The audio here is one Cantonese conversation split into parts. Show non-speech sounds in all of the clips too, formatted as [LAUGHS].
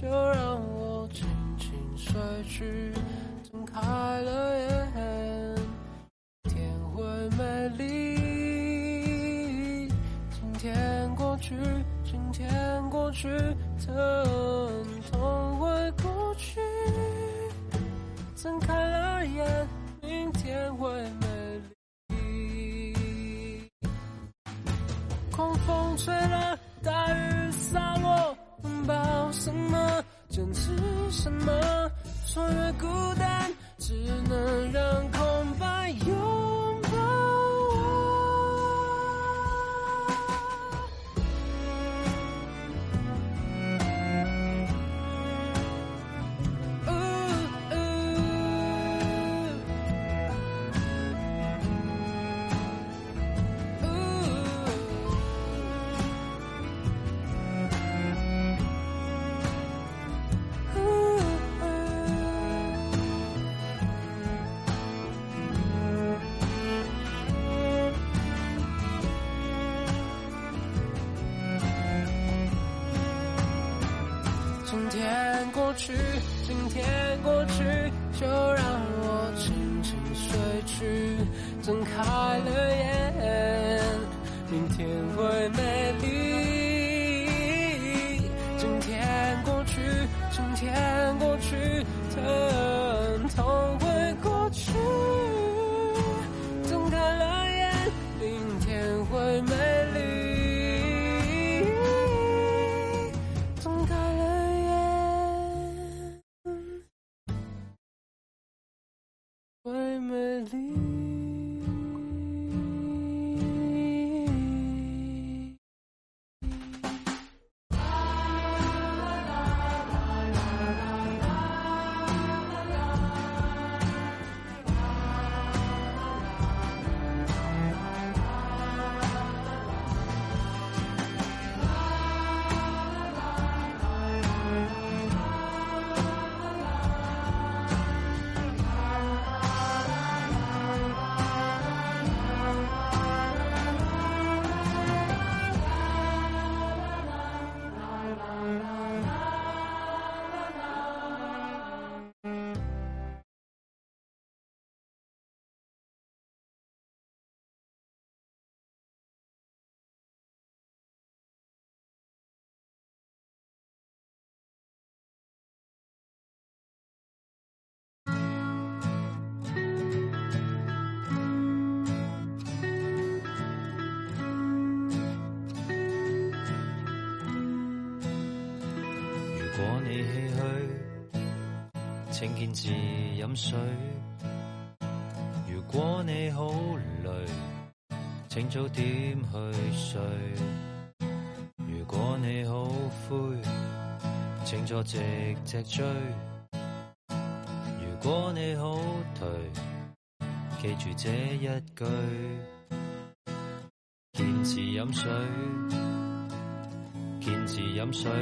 就讓我輕輕睡去，睜開了眼，天會美麗。今天過去，今天過去，疼痛會過去。睜開了眼，明天會美麗。狂風吹了，大雨灑落，擁抱什麼？堅持什麼，說越孤單，只能讓空。請堅持飲水。如果你好累，請早點去睡。如果你好灰，請坐直直追。如果你好頹，記住這一句：堅持飲水。堅持飲水。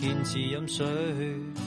堅持飲水。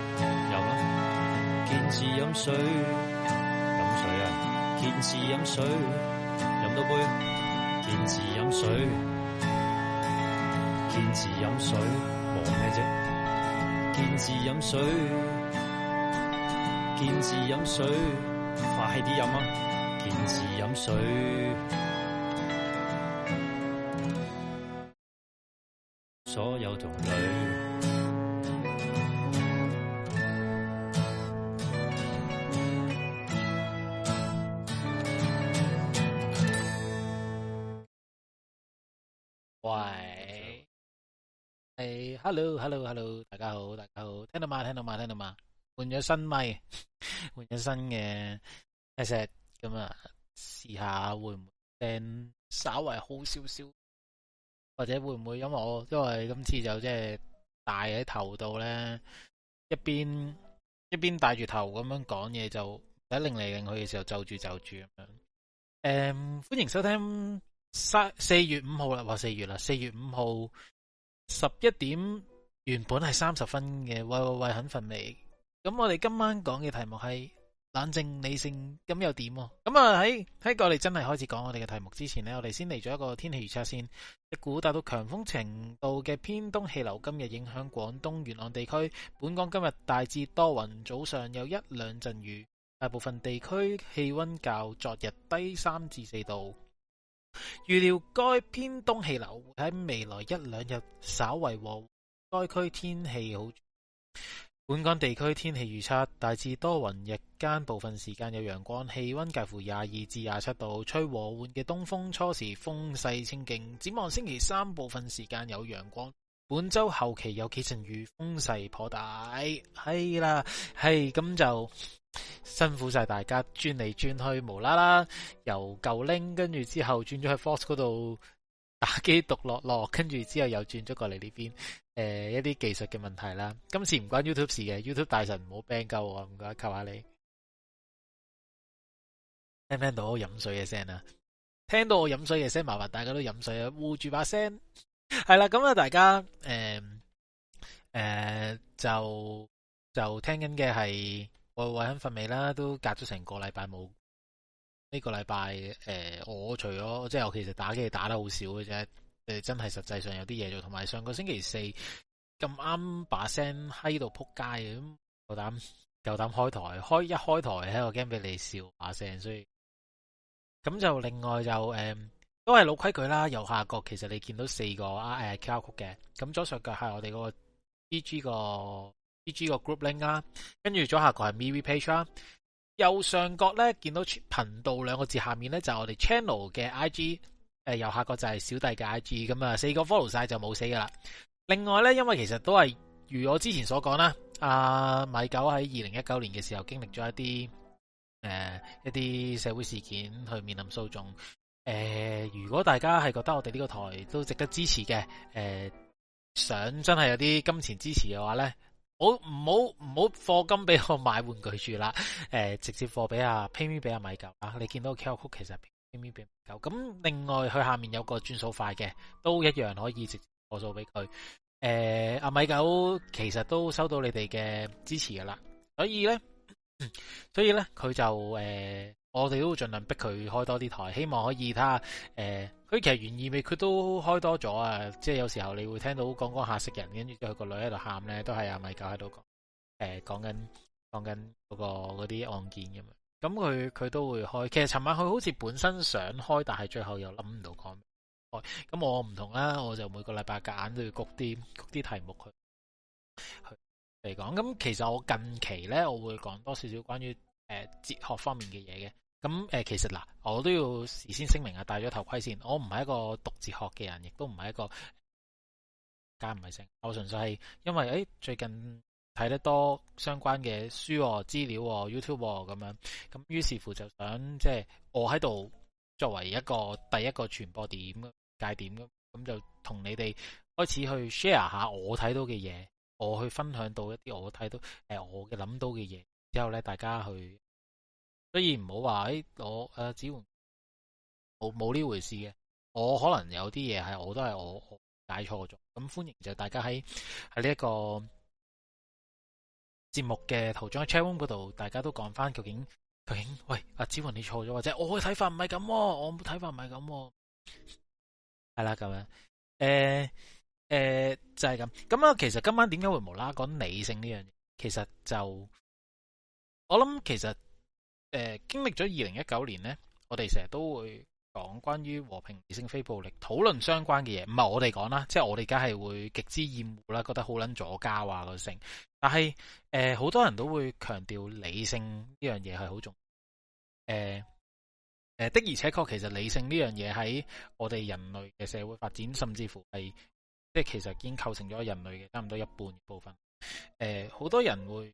見字飲水，飲水啊！見字飲水，飲多杯。見字飲水，見字飲水，望咩啫？見字飲水，見字飲水，快啲飲啊！見字飲水，所有同類。hello hello hello，大家好，大家好，聽到嗎，聽到嗎，聽到嗎，換咗新咪，換咗新嘅，s a 阿石咁啊，試下會唔會，誒，稍為好少少，或者會唔會？因為我因為今次就即係戴喺頭度咧，一邊一邊戴住頭咁樣講嘢，就喺擰嚟擰去嘅時候就住就住咁樣。誒、嗯，歡迎收聽三四月五號啦，話四月啦，四月五號。十一點原本係三十分嘅，喂喂喂，肯瞓未。咁我哋今晚講嘅題目係冷靜理性，咁又點？咁啊喺喺我哋真係開始講我哋嘅題目之前呢，我哋先嚟咗一個天氣預測先。一股達到強風程度嘅偏東氣流今日影響廣東沿岸地區，本港今日大致多雲，早上有一兩陣雨，大部分地區氣溫較昨日低三至四度。預料該偏東氣流會喺未來一兩日稍為和該區天氣好轉。本港地區天氣預測，大致多雲，日間部分時間有陽光，氣温介乎廿二至廿七度，吹和緩嘅東風，初時風勢清勁。展望星期三部分時間有陽光，本周後期有幾陣雨，風勢頗大。係啦，係咁就。辛苦晒大家轉嚟轉去，無啦啦由舊 link，跟住之後轉咗去 Fox 嗰度打機獨落落，跟住之後又轉咗過嚟呢邊。誒、呃，一啲技術嘅問題啦。今次唔關 YouTube 事嘅，YouTube 大神唔好 ban 鳩我，唔該求下你。聽唔聽到飲水嘅聲啊？聽到我飲水嘅聲，聲麻煩大家都飲水啊，護住把聲。係啦，咁啊，大家誒誒、呃呃，就就聽緊嘅係。我搵緊瞓未啦，都隔咗成個禮拜冇。呢、這個禮拜誒，我除咗即係我其實打機打得好少嘅啫，誒真係實際上有啲嘢做。同埋上個星期四咁啱把聲喺度扑街，咁夠膽夠膽開台，開一開台喺度驚俾你笑把聲。所以咁就另外就誒、呃，都係老規矩啦。右下角其實你見到四個啊誒 QR Code 嘅，咁、啊啊、左上角係我哋個 B.G. 個。I G 個 group link 啦，跟住左下角係 Me We Patreon，右上角咧見到頻道兩個字，下面咧就係我哋 channel 嘅 I G，誒右下角就係小弟嘅 I G，咁啊四個 follow 晒就冇死噶啦。另外咧，因為其實都係如我之前所講啦，阿米九喺二零一九年嘅時候經歷咗一啲誒、呃、一啲社會事件，去面臨訴訟。誒、呃，如果大家係覺得我哋呢個台都值得支持嘅，誒、呃、想真係有啲金錢支持嘅話咧。好唔好唔好課金俾我買玩具住啦，誒、呃、直接課俾啊 PayMe 俾阿米九啊，你見到個 K 歌曲其實 PayMe 俾唔夠，咁另外佢下面有個轉數快嘅，都一樣可以直接過數俾佢，誒、呃、阿米九其實都收到你哋嘅支持噶啦，所以咧所以咧佢就誒。呃我哋都會盡量逼佢開多啲台，希望可以睇下。誒、呃，佢其實原意未，佢都開多咗啊。即係有時候你會聽到講講下食人，跟住佢個女喺度喊咧，都係阿米九喺度講。誒，講緊講緊嗰個嗰啲案件咁嘛。咁佢佢都會開。其實尋晚佢好似本身想開，但係最後又諗唔到講。咁我唔同啦，我就每個禮拜夾硬都要焗啲焗啲題目去嚟講。咁其實我近期咧，我會講多少少關於。誒，哲學方面嘅嘢嘅，咁誒、呃，其實嗱、啊，我都要事先聲明啊，戴咗頭盔先，我唔係一個讀哲學嘅人，亦都唔係一個梗唔係成，我純粹係因為誒、欸、最近睇得多相關嘅書、資料、YouTube 咁樣，咁於是乎就想即係、就是、我喺度作為一個第一個傳播點、界點咁，就同你哋開始去 share 下我睇到嘅嘢，我去分享到一啲我睇到誒我嘅諗到嘅嘢之後咧，大家去。所以唔好話喺我誒、啊，子桓冇冇呢回事嘅。我可能有啲嘢係我都係我我解錯咗。咁歡迎就大家喺喺呢一個節目嘅頭像 chatroom 嗰度，大家都講翻究竟究竟喂阿、啊、子桓你錯咗，或者我嘅睇法唔係咁，我睇法唔係咁，係啦咁樣誒誒就係咁咁啊。樣欸欸就是、樣其實今晚點解會無啦講理性呢樣嘢？其實就我諗，其實。誒、呃，經歷咗二零一九年呢，我哋成日都會講關於和平、理性、非暴力討論相關嘅嘢，唔係我哋講啦，即係我哋而家係會極之厭惡啦，覺得好撚阻㗎啊嗰啲，但係誒好多人都會強調理性呢樣嘢係好重要，要、呃。誒、呃、的而且確，其實理性呢樣嘢喺我哋人類嘅社會發展，甚至乎係即係其實已經構成咗人類嘅差唔多一半部分，誒、呃，好多人會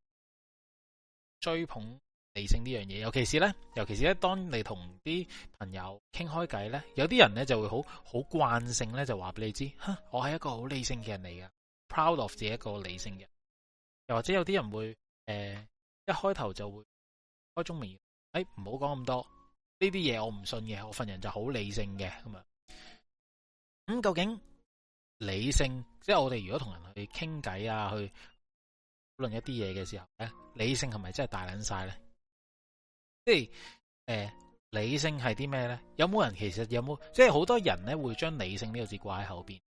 追捧。理性呢樣嘢，尤其是咧，尤其是咧，當你同啲朋友傾開偈咧，有啲人咧就會好好慣性咧，就話俾你知，我係一個好理性嘅人嚟㗎，proud of 自己一個理性嘅，又或者有啲人會誒、呃、一開頭就會開中門，誒唔好講咁多呢啲嘢，我唔信嘅，我份人就好理性嘅咁啊。咁、嗯、究竟理性即係我哋如果同人去傾偈啊，去討論一啲嘢嘅時候咧，理性係咪真係大捻晒咧？即係誒，理性係啲咩咧？有冇人其實有冇？即係好多人咧會將理性呢個字掛喺後邊，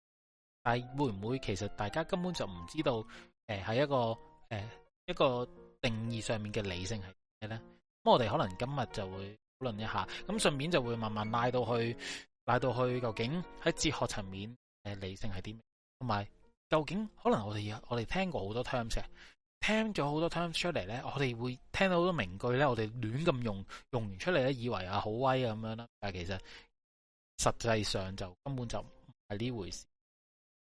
但係會唔會其實大家根本就唔知道誒係一個誒一個定義上面嘅理性係咩咧？咁我哋可能今日就會討論一下，咁順便就會慢慢拉到去拉到去究竟喺哲學層面誒理性係啲咩，同埋究竟可能我哋我哋聽過好多 terms。聽咗好多 terms 出嚟咧，我哋會聽到好多名句咧，我哋亂咁用，用完出嚟咧，以為啊好威啊咁樣啦，但係其實實際上就根本就唔係呢回事。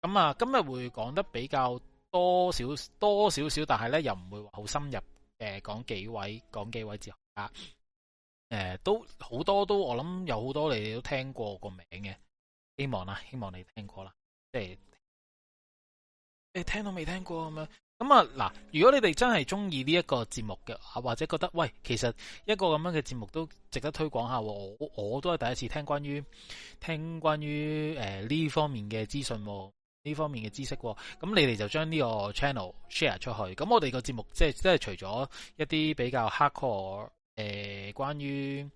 咁啊，今日會講得比較多少多少少，但係咧又唔會話好深入。誒，講幾位，講幾位哲學家，誒、呃，都好多都，我諗有好多你哋都聽過個名嘅，希望啦，希望你聽過啦，即係誒，聽到未聽過咁樣？咁啊，嗱，如果你哋真係中意呢一個節目嘅，啊，或者覺得喂，其實一個咁樣嘅節目都值得推廣下，我我都係第一次聽關於聽關於誒呢、呃、方面嘅資訊，呢方面嘅知識，咁你哋就將呢個 channel share 出去。咁我哋個節目即係即係除咗一啲比較 hard core 誒，關於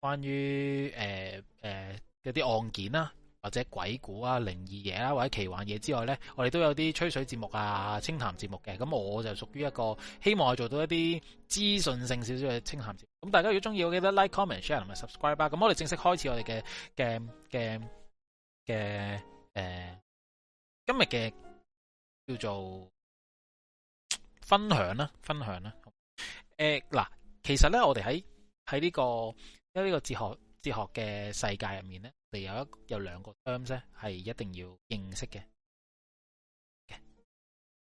關於誒誒一啲案件啦、啊。或者鬼故啊、靈異嘢啦、啊，或者奇幻嘢之外咧，我哋都有啲吹水節目啊、清談節目嘅。咁我就屬於一個希望我做到一啲資訊性少少嘅清談節目。咁大家如果中意，我記得 like comment, share、comment、share 同埋 subscribe 吧。咁我哋正式開始我哋嘅嘅嘅嘅誒，今日嘅叫做分享啦、啊，分享啦、啊。誒嗱、呃，其實咧，我哋喺喺呢個喺呢個哲學哲學嘅世界入面咧。我哋有一有兩個 terms 咧，係一定要認識嘅。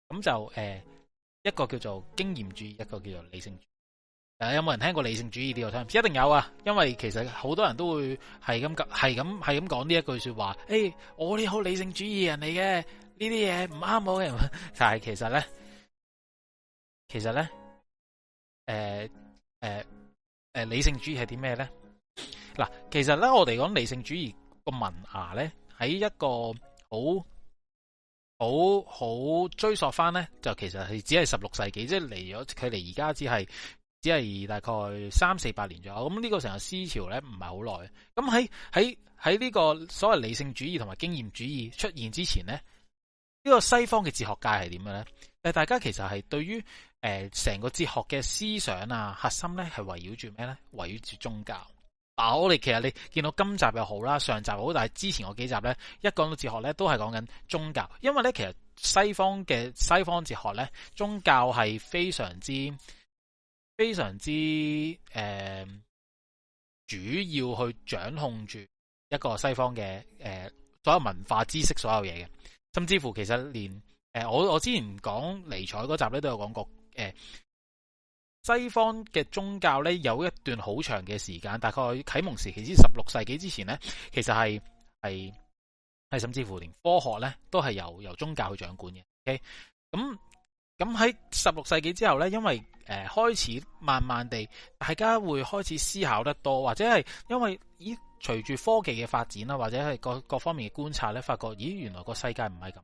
咁就誒、呃，一個叫做經驗主義，一個叫做理性主義。誒，有冇人聽過理性主義呢個 terms？一定有啊，因為其實好多人都會係咁係咁係咁講呢一句說話。誒、hey，我哋好理性主義人嚟嘅，呢啲嘢唔啱我嘅。 [LAUGHS] 但係其實咧，其實咧，誒誒誒，理性主義係啲咩咧？嗱，其實咧，我哋講理性主義。個文牙咧，喺一個好好好追溯翻咧，就其實係只係十六世紀，即係離咗佢離而家只係只係大概三四百年左右。咁呢個成個思潮咧唔係好耐。咁喺喺喺呢個所謂理性主義同埋經驗主義出現之前咧，呢個西方嘅哲學界係點嘅咧？誒，大家其實係對於誒成個哲學嘅思想啊核心咧係圍繞住咩咧？圍繞住宗教。嗱、啊，我哋其實你見到今集又好啦，上集好，但係之前嗰幾集呢，一講到哲學呢，都係講緊宗教，因為呢，其實西方嘅西方哲學呢，宗教係非常之、非常之誒、呃，主要去掌控住一個西方嘅誒、呃、所有文化知識、所有嘢嘅，甚至乎其實連誒、呃，我我之前講尼采嗰集呢，都有講過誒。呃西方嘅宗教呢，有一段好長嘅時間，大概啓蒙時期之十六世紀之前呢，其實係係係甚至乎連科學呢，都係由由宗教去掌管嘅。OK。咁咁喺十六世紀之後呢，因為誒、呃、開始慢慢地，大家會開始思考得多，或者係因為咦隨住科技嘅發展啦，或者係各各方面嘅觀察呢，發覺咦，原來個世界唔係咁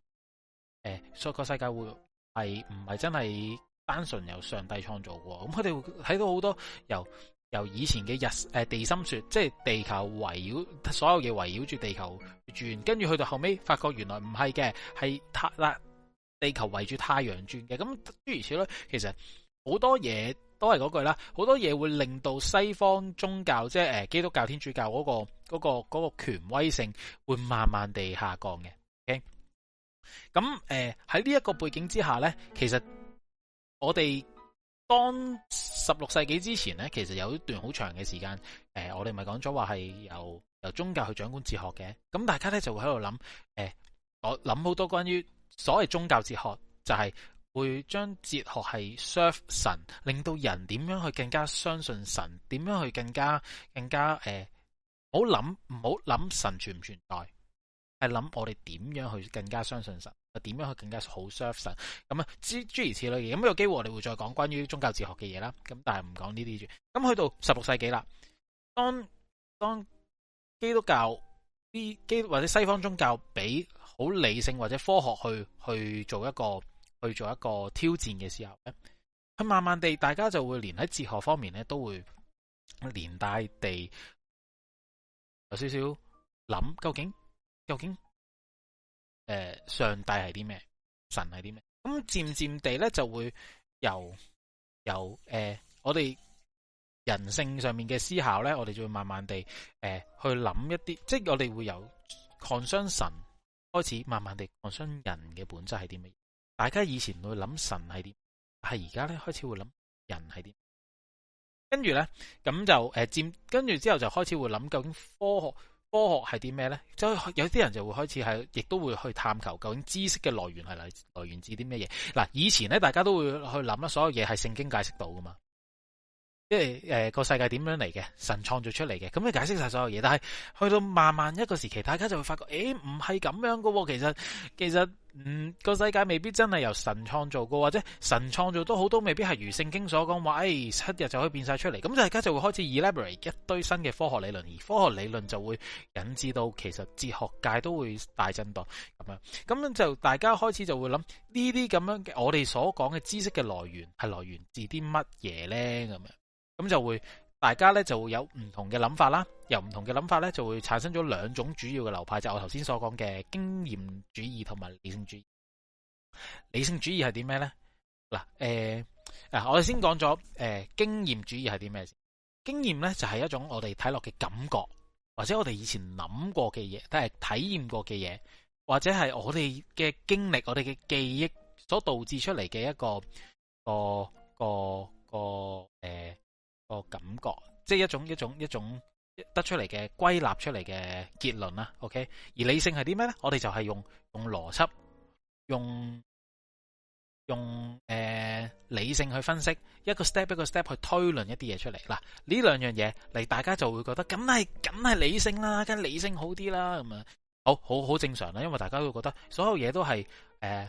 誒，所以個世界會係唔係真係。單純由上帝創造喎。咁佢哋會睇到好多由由以前嘅日誒地心說，即係地球圍繞所有嘢圍繞住地球轉，跟住去到後尾，發覺原來唔係嘅，係太地球圍住太陽轉嘅。咁諸如此類呢，其實好多嘢都係嗰句啦，好多嘢會令到西方宗教即係誒基督教天主教嗰個嗰個嗰個權威性會慢慢地下降嘅。咁誒喺呢一個背景之下咧，其實。我哋當十六世紀之前呢，其實有一段好長嘅時間，誒，我哋咪講咗話係由由宗教去掌管哲學嘅，咁大家呢就會喺度諗，誒，我諗好多關於所謂宗教哲學，就係會將哲學係 serve 神，令到人點樣去更加相信神，點樣去更加更加誒，唔好諗，唔好諗神存唔存在，係諗我哋點樣去更加相信神。點樣去更加好 serve 神咁啊？諸諸如此類嘅嘢，咁有機會，我哋會再講關於宗教哲學嘅嘢啦。咁但係唔講呢啲住。咁去到十六世紀啦，當當基督教啲基或者西方宗教俾好理性或者科學去去做一個去做一個挑戰嘅時候咧，佢慢慢地大家就會連喺哲學方面咧都會連帶地有少少諗究竟究竟。究竟誒、呃，上帝係啲咩？神係啲咩？咁漸漸地咧，就會由由誒、呃，我哋人性上面嘅思考咧，我哋就會慢慢地誒、呃、去諗一啲，即係我哋會由抗傷神開始，慢慢地抗傷人嘅本質係啲咩？大家以前會諗神係啲，係而家咧開始會諗人係啲，跟住咧咁就誒，漸、呃、跟住之後就開始會諗究竟科學。科學係啲咩咧？即係有啲人就會開始係，亦都會去探求究竟知識嘅來源係嚟來源自啲咩嘢。嗱，以前咧，大家都會去諗啦，所有嘢係聖經解釋到噶嘛。即係誒個世界點樣嚟嘅？神創造出嚟嘅，咁，你解釋晒所有嘢。但係去到慢慢一個時期，大家就會發覺，誒唔係咁樣噶。其實其實唔個、嗯、世界未必真係由神創造噶，或者神創造都好多，未必係如聖經所講話。誒、哎、七日就可以變晒出嚟咁，就大家就會開始 elaborate 一堆新嘅科學理論，而科學理論就會引致到其實哲學界都會大震蕩咁樣。咁樣就大家開始就會諗呢啲咁樣嘅我哋所講嘅知識嘅來源係來源自啲乜嘢呢？咁樣。咁就會大家咧，就會有唔同嘅諗法啦，由唔同嘅諗法咧就會產生咗兩種主要嘅流派，就係、我頭先所講嘅經驗主義同埋理性主義。理性主義係點咩咧？嗱，誒，嗱，我哋先講咗誒、呃，經驗主義係點咩？經驗咧就係、是、一種我哋睇落嘅感覺，或者我哋以前諗過嘅嘢，都係體驗過嘅嘢，或者係我哋嘅經歷，我哋嘅記憶所導致出嚟嘅一個個個個誒。呃個感覺，即係一種一種一種得出嚟嘅歸納出嚟嘅結論啦。OK，而理性係啲咩咧？我哋就係用用邏輯，用用誒、呃、理性去分析一個 step 一個 step 去推論一啲嘢出嚟。嗱，呢兩樣嘢嚟，大家就會覺得梗係梗係理性啦，梗係理性好啲啦，咁啊，好好好正常啦。因為大家都會覺得所有嘢都係誒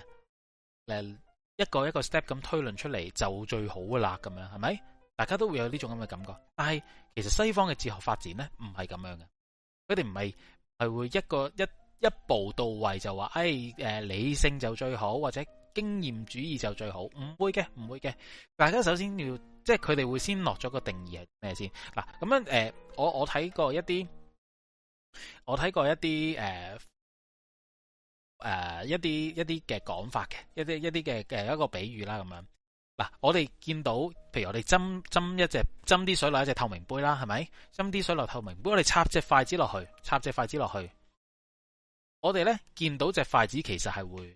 誒一個一個 step 咁推論出嚟就最好啦，咁樣係咪？大家都會有呢種咁嘅感覺，但係其實西方嘅哲學發展咧唔係咁樣嘅，佢哋唔係係會一個一一步到位就話，誒、哎、誒理性就最好，或者經驗主義就最好，唔會嘅，唔會嘅。大家首先要即係佢哋會先落咗個定義係咩先，嗱，咁樣誒、呃，我我睇過一啲，我睇過一啲誒誒一啲一啲嘅講法嘅，一啲一啲嘅嘅一個比喻啦咁樣。嗱，我哋見到，譬如我哋斟斟一隻斟啲水落一隻透明杯啦，係咪斟啲水落透明杯？我哋插一隻筷子落去，插一隻筷子落去，我哋咧見到隻筷子其實係會誒、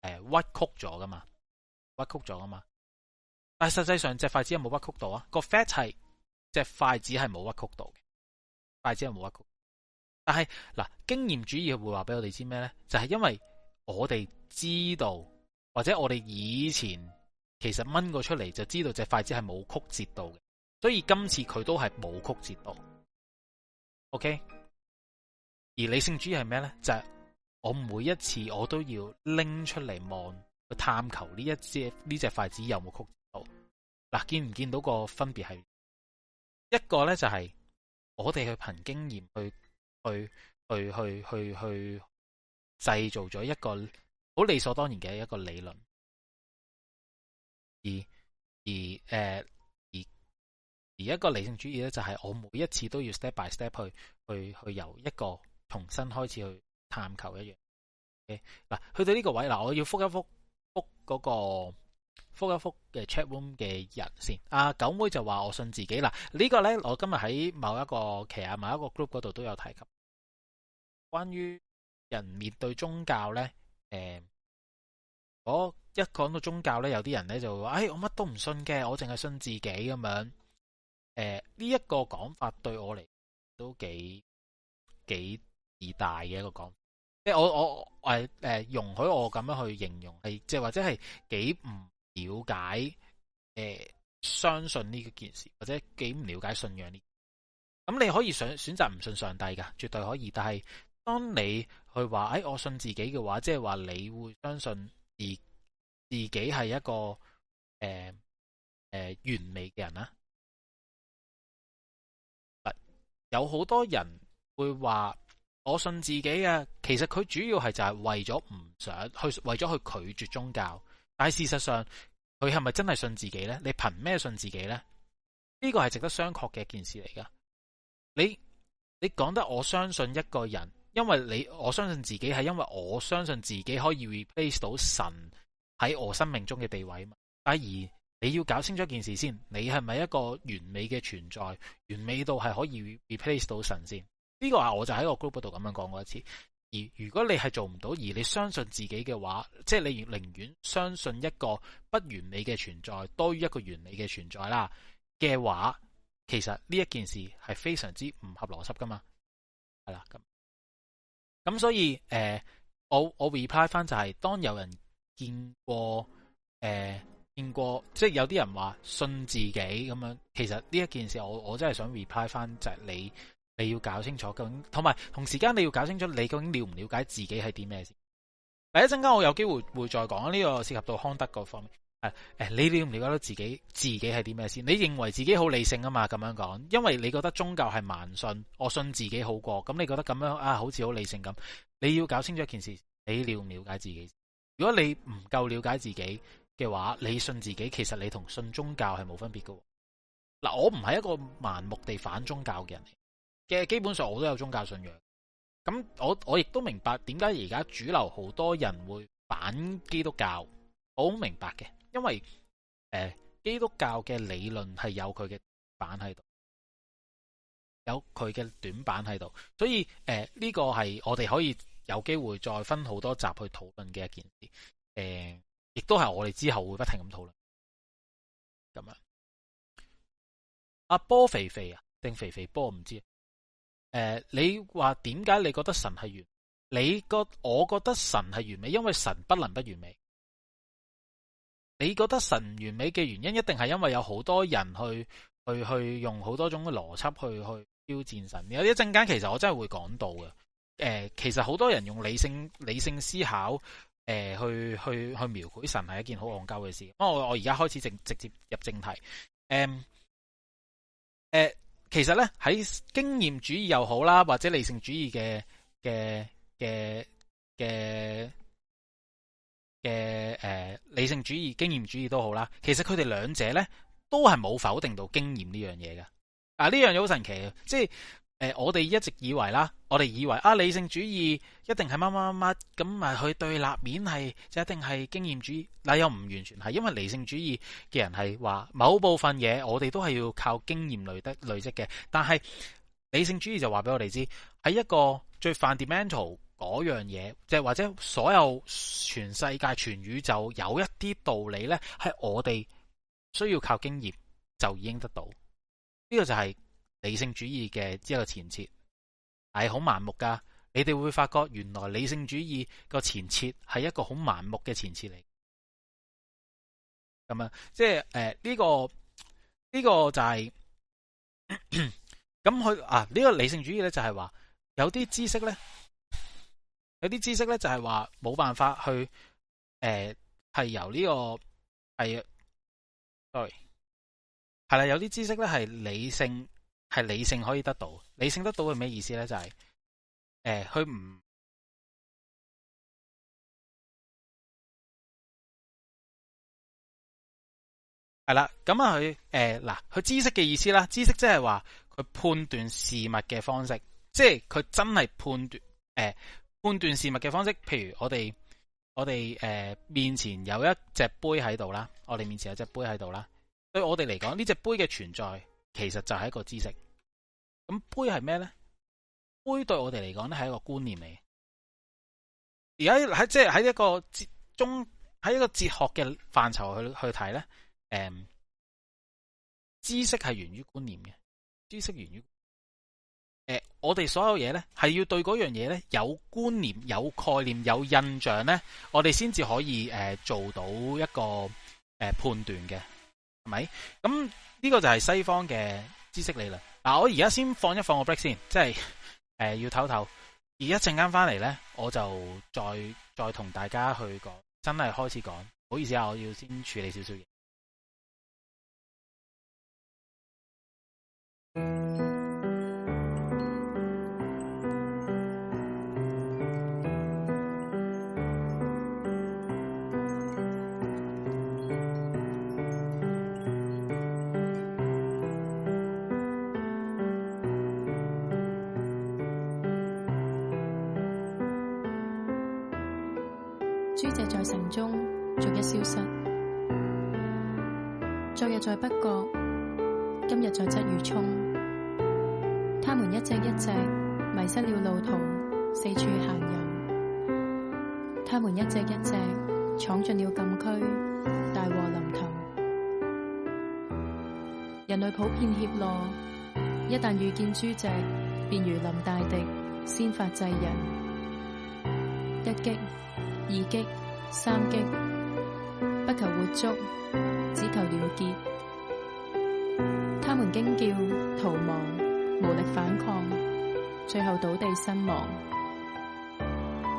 呃、屈曲咗噶嘛，屈曲咗噶嘛。但係實際上隻筷子係冇屈曲到啊。個 fact 係隻筷子係冇屈曲到嘅，筷子係冇屈曲。但係嗱，經驗主義會話俾我哋知咩咧？就係、係、因為我哋知道，或者我哋以前。其實掹個出嚟就知道隻筷子係冇曲折到嘅，所以今次佢都係冇曲折到。OK，而理性主義係咩咧？就係我每一次我都要拎出嚟望探求呢一隻呢隻筷子有冇曲折到。嗱，見唔見到個分別係一個咧？就係我哋去憑經驗去去去去去去製造咗一個好理所當然嘅一個理論。而而誒、呃、而而一個理性主義咧，就係我每一次都要 step by step 去去去由一個重新開始去探求一樣。嗱，去到呢個位嗱，我要覆一覆覆嗰個覆一覆嘅 chat room 嘅人先。阿、啊、九妹就話：我信自己嗱，這個、呢個咧，我今日喺某一個旗下，某一個 group 嗰度都有提及，關於人面對宗教咧，誒、呃、我。一講到宗教咧，有啲人咧就會話：，哎，我乜都唔信嘅，我淨係信自己咁樣。誒、呃，呢、這、一個講法對我嚟都幾幾易大嘅一個講，即、呃、係我我誒誒、呃、容許我咁樣去形容，係即係或者係幾唔了解誒、呃、相信呢一件事，或者幾唔了解信仰呢。咁你可以選選擇唔信上帝噶，絕對可以。但係當你去話：，哎，我信自己嘅話，即係話你會相信而。自己係一個誒誒、呃呃、完美嘅人啦，有好多人會話我信自己啊。其實佢主要係就係為咗唔想去，為咗去拒絕宗教。但係事實上佢係咪真係信自己呢？你憑咩信自己呢？呢個係值得商榷嘅一件事嚟㗎。你你講得我相信一個人，因為你我相信自己係因為我相信自己可以 replace 到神。喺我生命中嘅地位嘛，但而你要搞清楚一件事先，你係咪一個完美嘅存在？完美到係可以 replace 到神仙呢、呢個話，我就喺個 group 度咁樣講過一次。而如果你係做唔到，而你相信自己嘅話，即、就、係、是、你寧願相信一個不完美嘅存在多於一個完美嘅存在啦嘅話，其實呢一件事係非常之唔合邏輯噶嘛。係啦，咁咁所以誒、呃，我我 reply 翻就係、是、當有人。見過誒、呃，見過即係有啲人話信自己咁樣，其實呢一件事我我真係想 reply 翻就係、係、你，你要搞清楚究竟，同埋同時間你要搞清楚你究竟了唔了解自己係啲咩先。第一陣間我有機會會再講呢、呢個涉及到康德嗰方面，誒你了唔了解到自己自己係啲咩先？你認為自己好理性啊嘛？咁樣講，因為你覺得宗教係盲信，我信自己好過，咁你覺得咁樣啊，好似好理性咁，你要搞清楚一件事，你了唔了解自己？如果你唔夠了解自己嘅話，你信自己，其實你同信宗教係冇分別嘅。嗱，我唔係一個盲目地反宗教嘅人嚟嘅，基本上我都有宗教信仰。咁我我亦都明白點解而家主流好多人會反基督教，我好明白嘅，因為誒基督教嘅理論係有佢嘅板喺度，有佢嘅短板喺度，所以誒呢個係我哋可以。有機會再分好多集去討論嘅一件事，誒、呃，亦都係我哋之後會不停咁討論咁啊。阿波肥肥啊，定肥肥波唔知誒、呃？你話點解你覺得神係完美？你覺我覺得神係完美，因為神不能不完美。你覺得神完美嘅原因，一定係因為有好多人去去去用好多種嘅邏輯去去挑戰神。有啲陣間其實我真係會講到嘅。誒、呃，其實好多人用理性理性思考，誒、呃，去去去描繪神係一件好戇鳩嘅事。我我而家開始直直接入正題。誒、呃、誒、呃，其實咧喺經驗主義又好啦，或者理性主義嘅嘅嘅嘅嘅誒，理性主義、經驗主義都好啦。其實佢哋兩者咧都係冇否定到經驗呢樣嘢嘅。啊，呢樣嘢好神奇嘅，即係。誒，我哋一直以為啦，我哋以為啊，理性主義一定係乜乜乜乜，咁佢對立面係就一定係經驗主義。但又唔完全係，因為理性主義嘅人係話某部分嘢，我哋都係要靠經驗累得累積嘅。但係理性主義就話俾我哋知，喺一個最 fundamental 嗰樣嘢，即係或者所有全世界全宇宙有一啲道理呢，係我哋需要靠經驗就已經得到。呢、這個就係、是。理性主義嘅一個前設係好盲目噶，你哋會發覺原來理性主義個前設係一個好盲目嘅前設嚟。咁、呃呢個呢個就係、啊，即係誒呢個呢個就係咁佢啊呢個理性主義咧就係話有啲知識咧有啲知識咧就係話冇辦法去誒係、呃、由呢、呢個係 s 係啦，Sorry, 有啲知識咧係理性。係理性可以得到，理性得到係咩意思咧？就係、是、誒，佢唔係啦。咁啊，佢誒嗱，佢、呃、知識嘅意思啦，知識即係話佢判斷事物嘅方式，即係佢真係判斷誒、呃、判斷事物嘅方式。譬如我哋我哋誒、呃、面前有一隻杯喺度啦，我哋面前有一隻杯喺度啦。對我哋嚟講，呢隻杯嘅存在，其實就係一個知識。咁杯係咩咧？杯對我哋嚟講咧係一個觀念嚟。而家喺即係喺一個哲中喺一個哲學嘅範疇去去睇咧，誒、嗯，知識係源於觀念嘅，知識源於誒、嗯、我哋所有嘢咧，係要對嗰樣嘢咧有觀念、有概念、有印象咧，我哋先至可以誒、呃、做到一個誒、呃、判斷嘅，係咪？咁呢個就係西方嘅知識理論。啊、我而家先放一放個 break 先，即係誒要唞唞，而一陣間翻嚟咧，我就再再同大家去講，真係開始講，唔好意思啊，我要先處理少少嘢。 [MUSIC] 消失。昨日在北角，今日在鰂魚涌，他們一隻一隻迷失了路途，四處行遊。他們一隻一隻闖進了禁區，大禍臨頭。人類普遍怯懦，一旦遇見豬隻，便如臨大敵，先發制人。一擊，二擊，三擊。求活捉，只求了結。他們驚叫、逃亡、無力反抗，最後倒地身亡。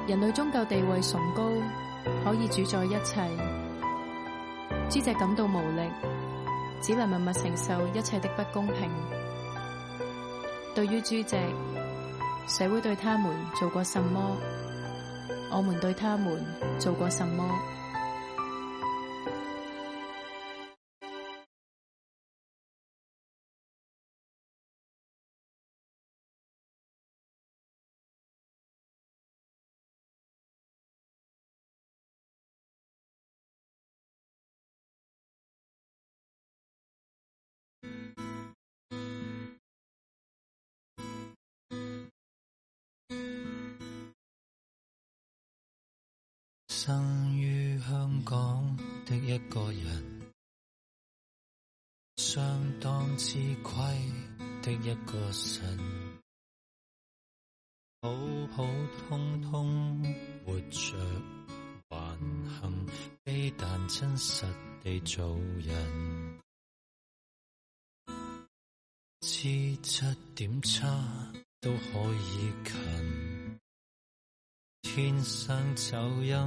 人類終究地位崇高，可以主宰一切。豬隻感到無力，只能默默承受一切的不公平。對於豬隻，社會對他們做過什麼，我們對他們做過什麼？生於香港的一個人，相當知規的一個神，普普通通活着還幸，非但真實地做人，知七點差都可以近。天生走音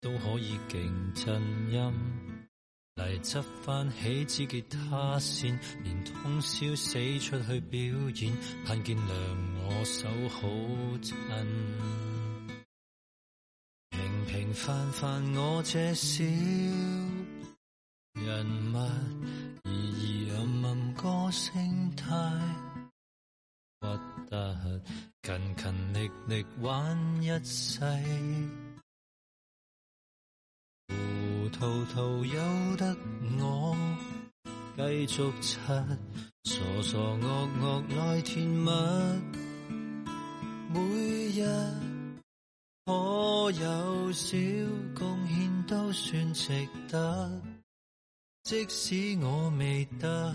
都可以勁震音，嚟執翻起支吉他先，連通宵死出去表演，但見諒我手好震。平平凡凡我這小人物，而而吟吟歌聲嘆。不得，勤勤力力玩一世，糊糊塗塗有得我繼續擦，傻傻惡惡來甜蜜，每日可有少貢獻都算值得，即使我未得。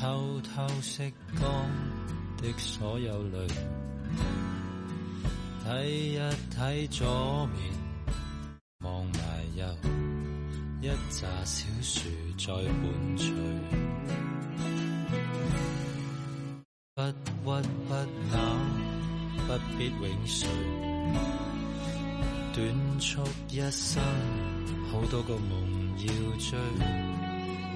偷偷拭乾的所有淚，睇一睇左面，望埋右，一紮小樹在伴隨，不屈不撓，不必永垂，短促一生，好多個夢要追。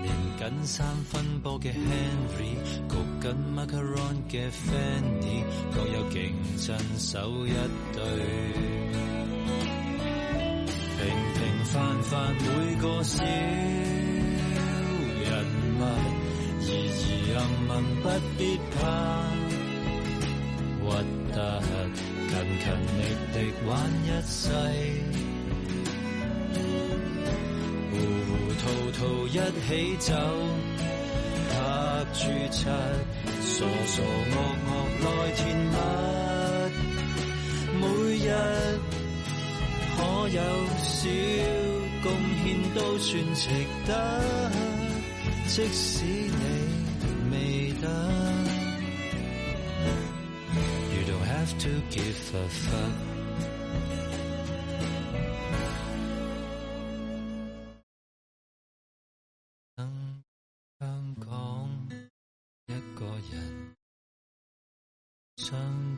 連緊三分波嘅 Henry，焗緊 Macaron 嘅 Fanny，各有競爭手一對。平平凡凡每個小人物，疑疑暗暗不必怕，活得勤勤力力玩一世。圖一起走，拍住柒傻傻惡惡來甜蜜。每日可有少貢獻都算值得，即使你未得。You don't have to give a fuck。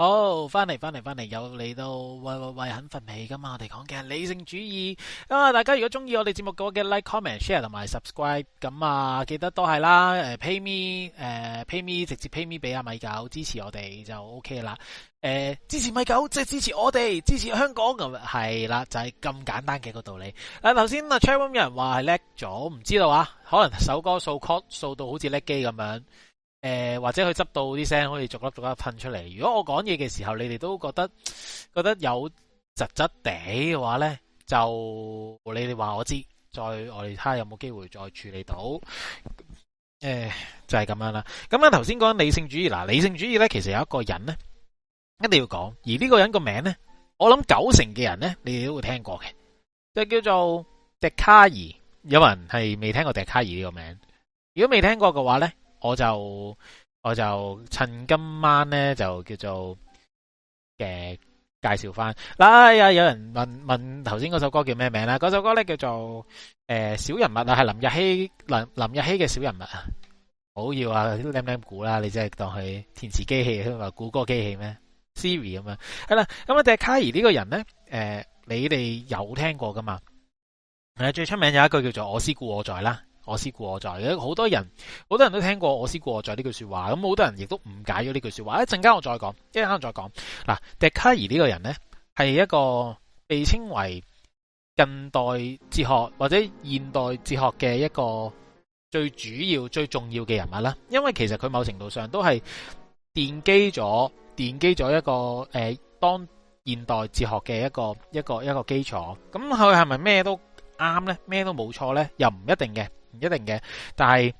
好，翻嚟翻嚟翻嚟，又嚟到喂喂喂，肯瞓未㗎嘛？我哋講嘅係理性主義啊，大家如果中意我哋節目嘅嘅 like comment, share, subscribe,、啊、comment、share 同埋 subscribe，咁啊記得都係啦。誒、呃、，pay me，誒、呃、，pay me，直接 pay me 俾阿米九，支持我哋就 OK 啦。誒、呃，支持米九，即、就、係、是、支持我哋，支持香港咁係、啊、啦，就係、是、咁簡單嘅一個道理。嗱、啊，頭先阿 Charm 有人話係叻咗，唔知道啊？可能首歌掃 code 掃到好似叻機咁樣。誒、呃，或者佢執到啲聲，可以逐粒逐粒噴出嚟。如果我講嘢嘅時候，你哋都覺得覺得有窒窒地嘅話咧，就你哋話我知，再我哋睇下有冇機會再處理到。誒、呃，就係、是、咁樣啦。咁樣頭先講理性主義啦，理性主義咧，其實有一個人咧一定要講，而呢個人個名咧，我諗九成嘅人咧，你哋都會聽過嘅，就叫做笛卡爾。有人係未聽過笛卡爾呢個名，如果未聽過嘅話咧。我就我就趁今晚咧就叫做嘅、欸、介紹翻嗱，有有人問問頭先嗰首歌叫咩名啦？啊，嗰首歌咧叫做誒、呃、小人物啊，係林日曦，林林日曦嘅小人物啊，好要啊啲靚靚啦，你真係當佢填詞機器，佢話估歌機器咩？Siri 咁樣。係啦，咁啊笛卡兒呢個人咧，誒、呃，你哋有聽過噶嘛？係啊，最出名有一句叫做我思故我在啦。我思故我在，有好多人好多人都聽過我思故我在呢句說話。咁好多人亦都誤解咗呢句說話。一陣間我再講，一陣間我再講嗱。笛卡爾呢個人呢係一個被稱為近代哲學或者現代哲學嘅一個最主要最重要嘅人物啦。因為其實佢某程度上都係奠基咗奠基咗一個誒、呃、當現代哲學嘅一個一個一個基礎。咁佢係咪咩都啱呢？咩都冇錯呢？又唔一定嘅。唔一定嘅，但係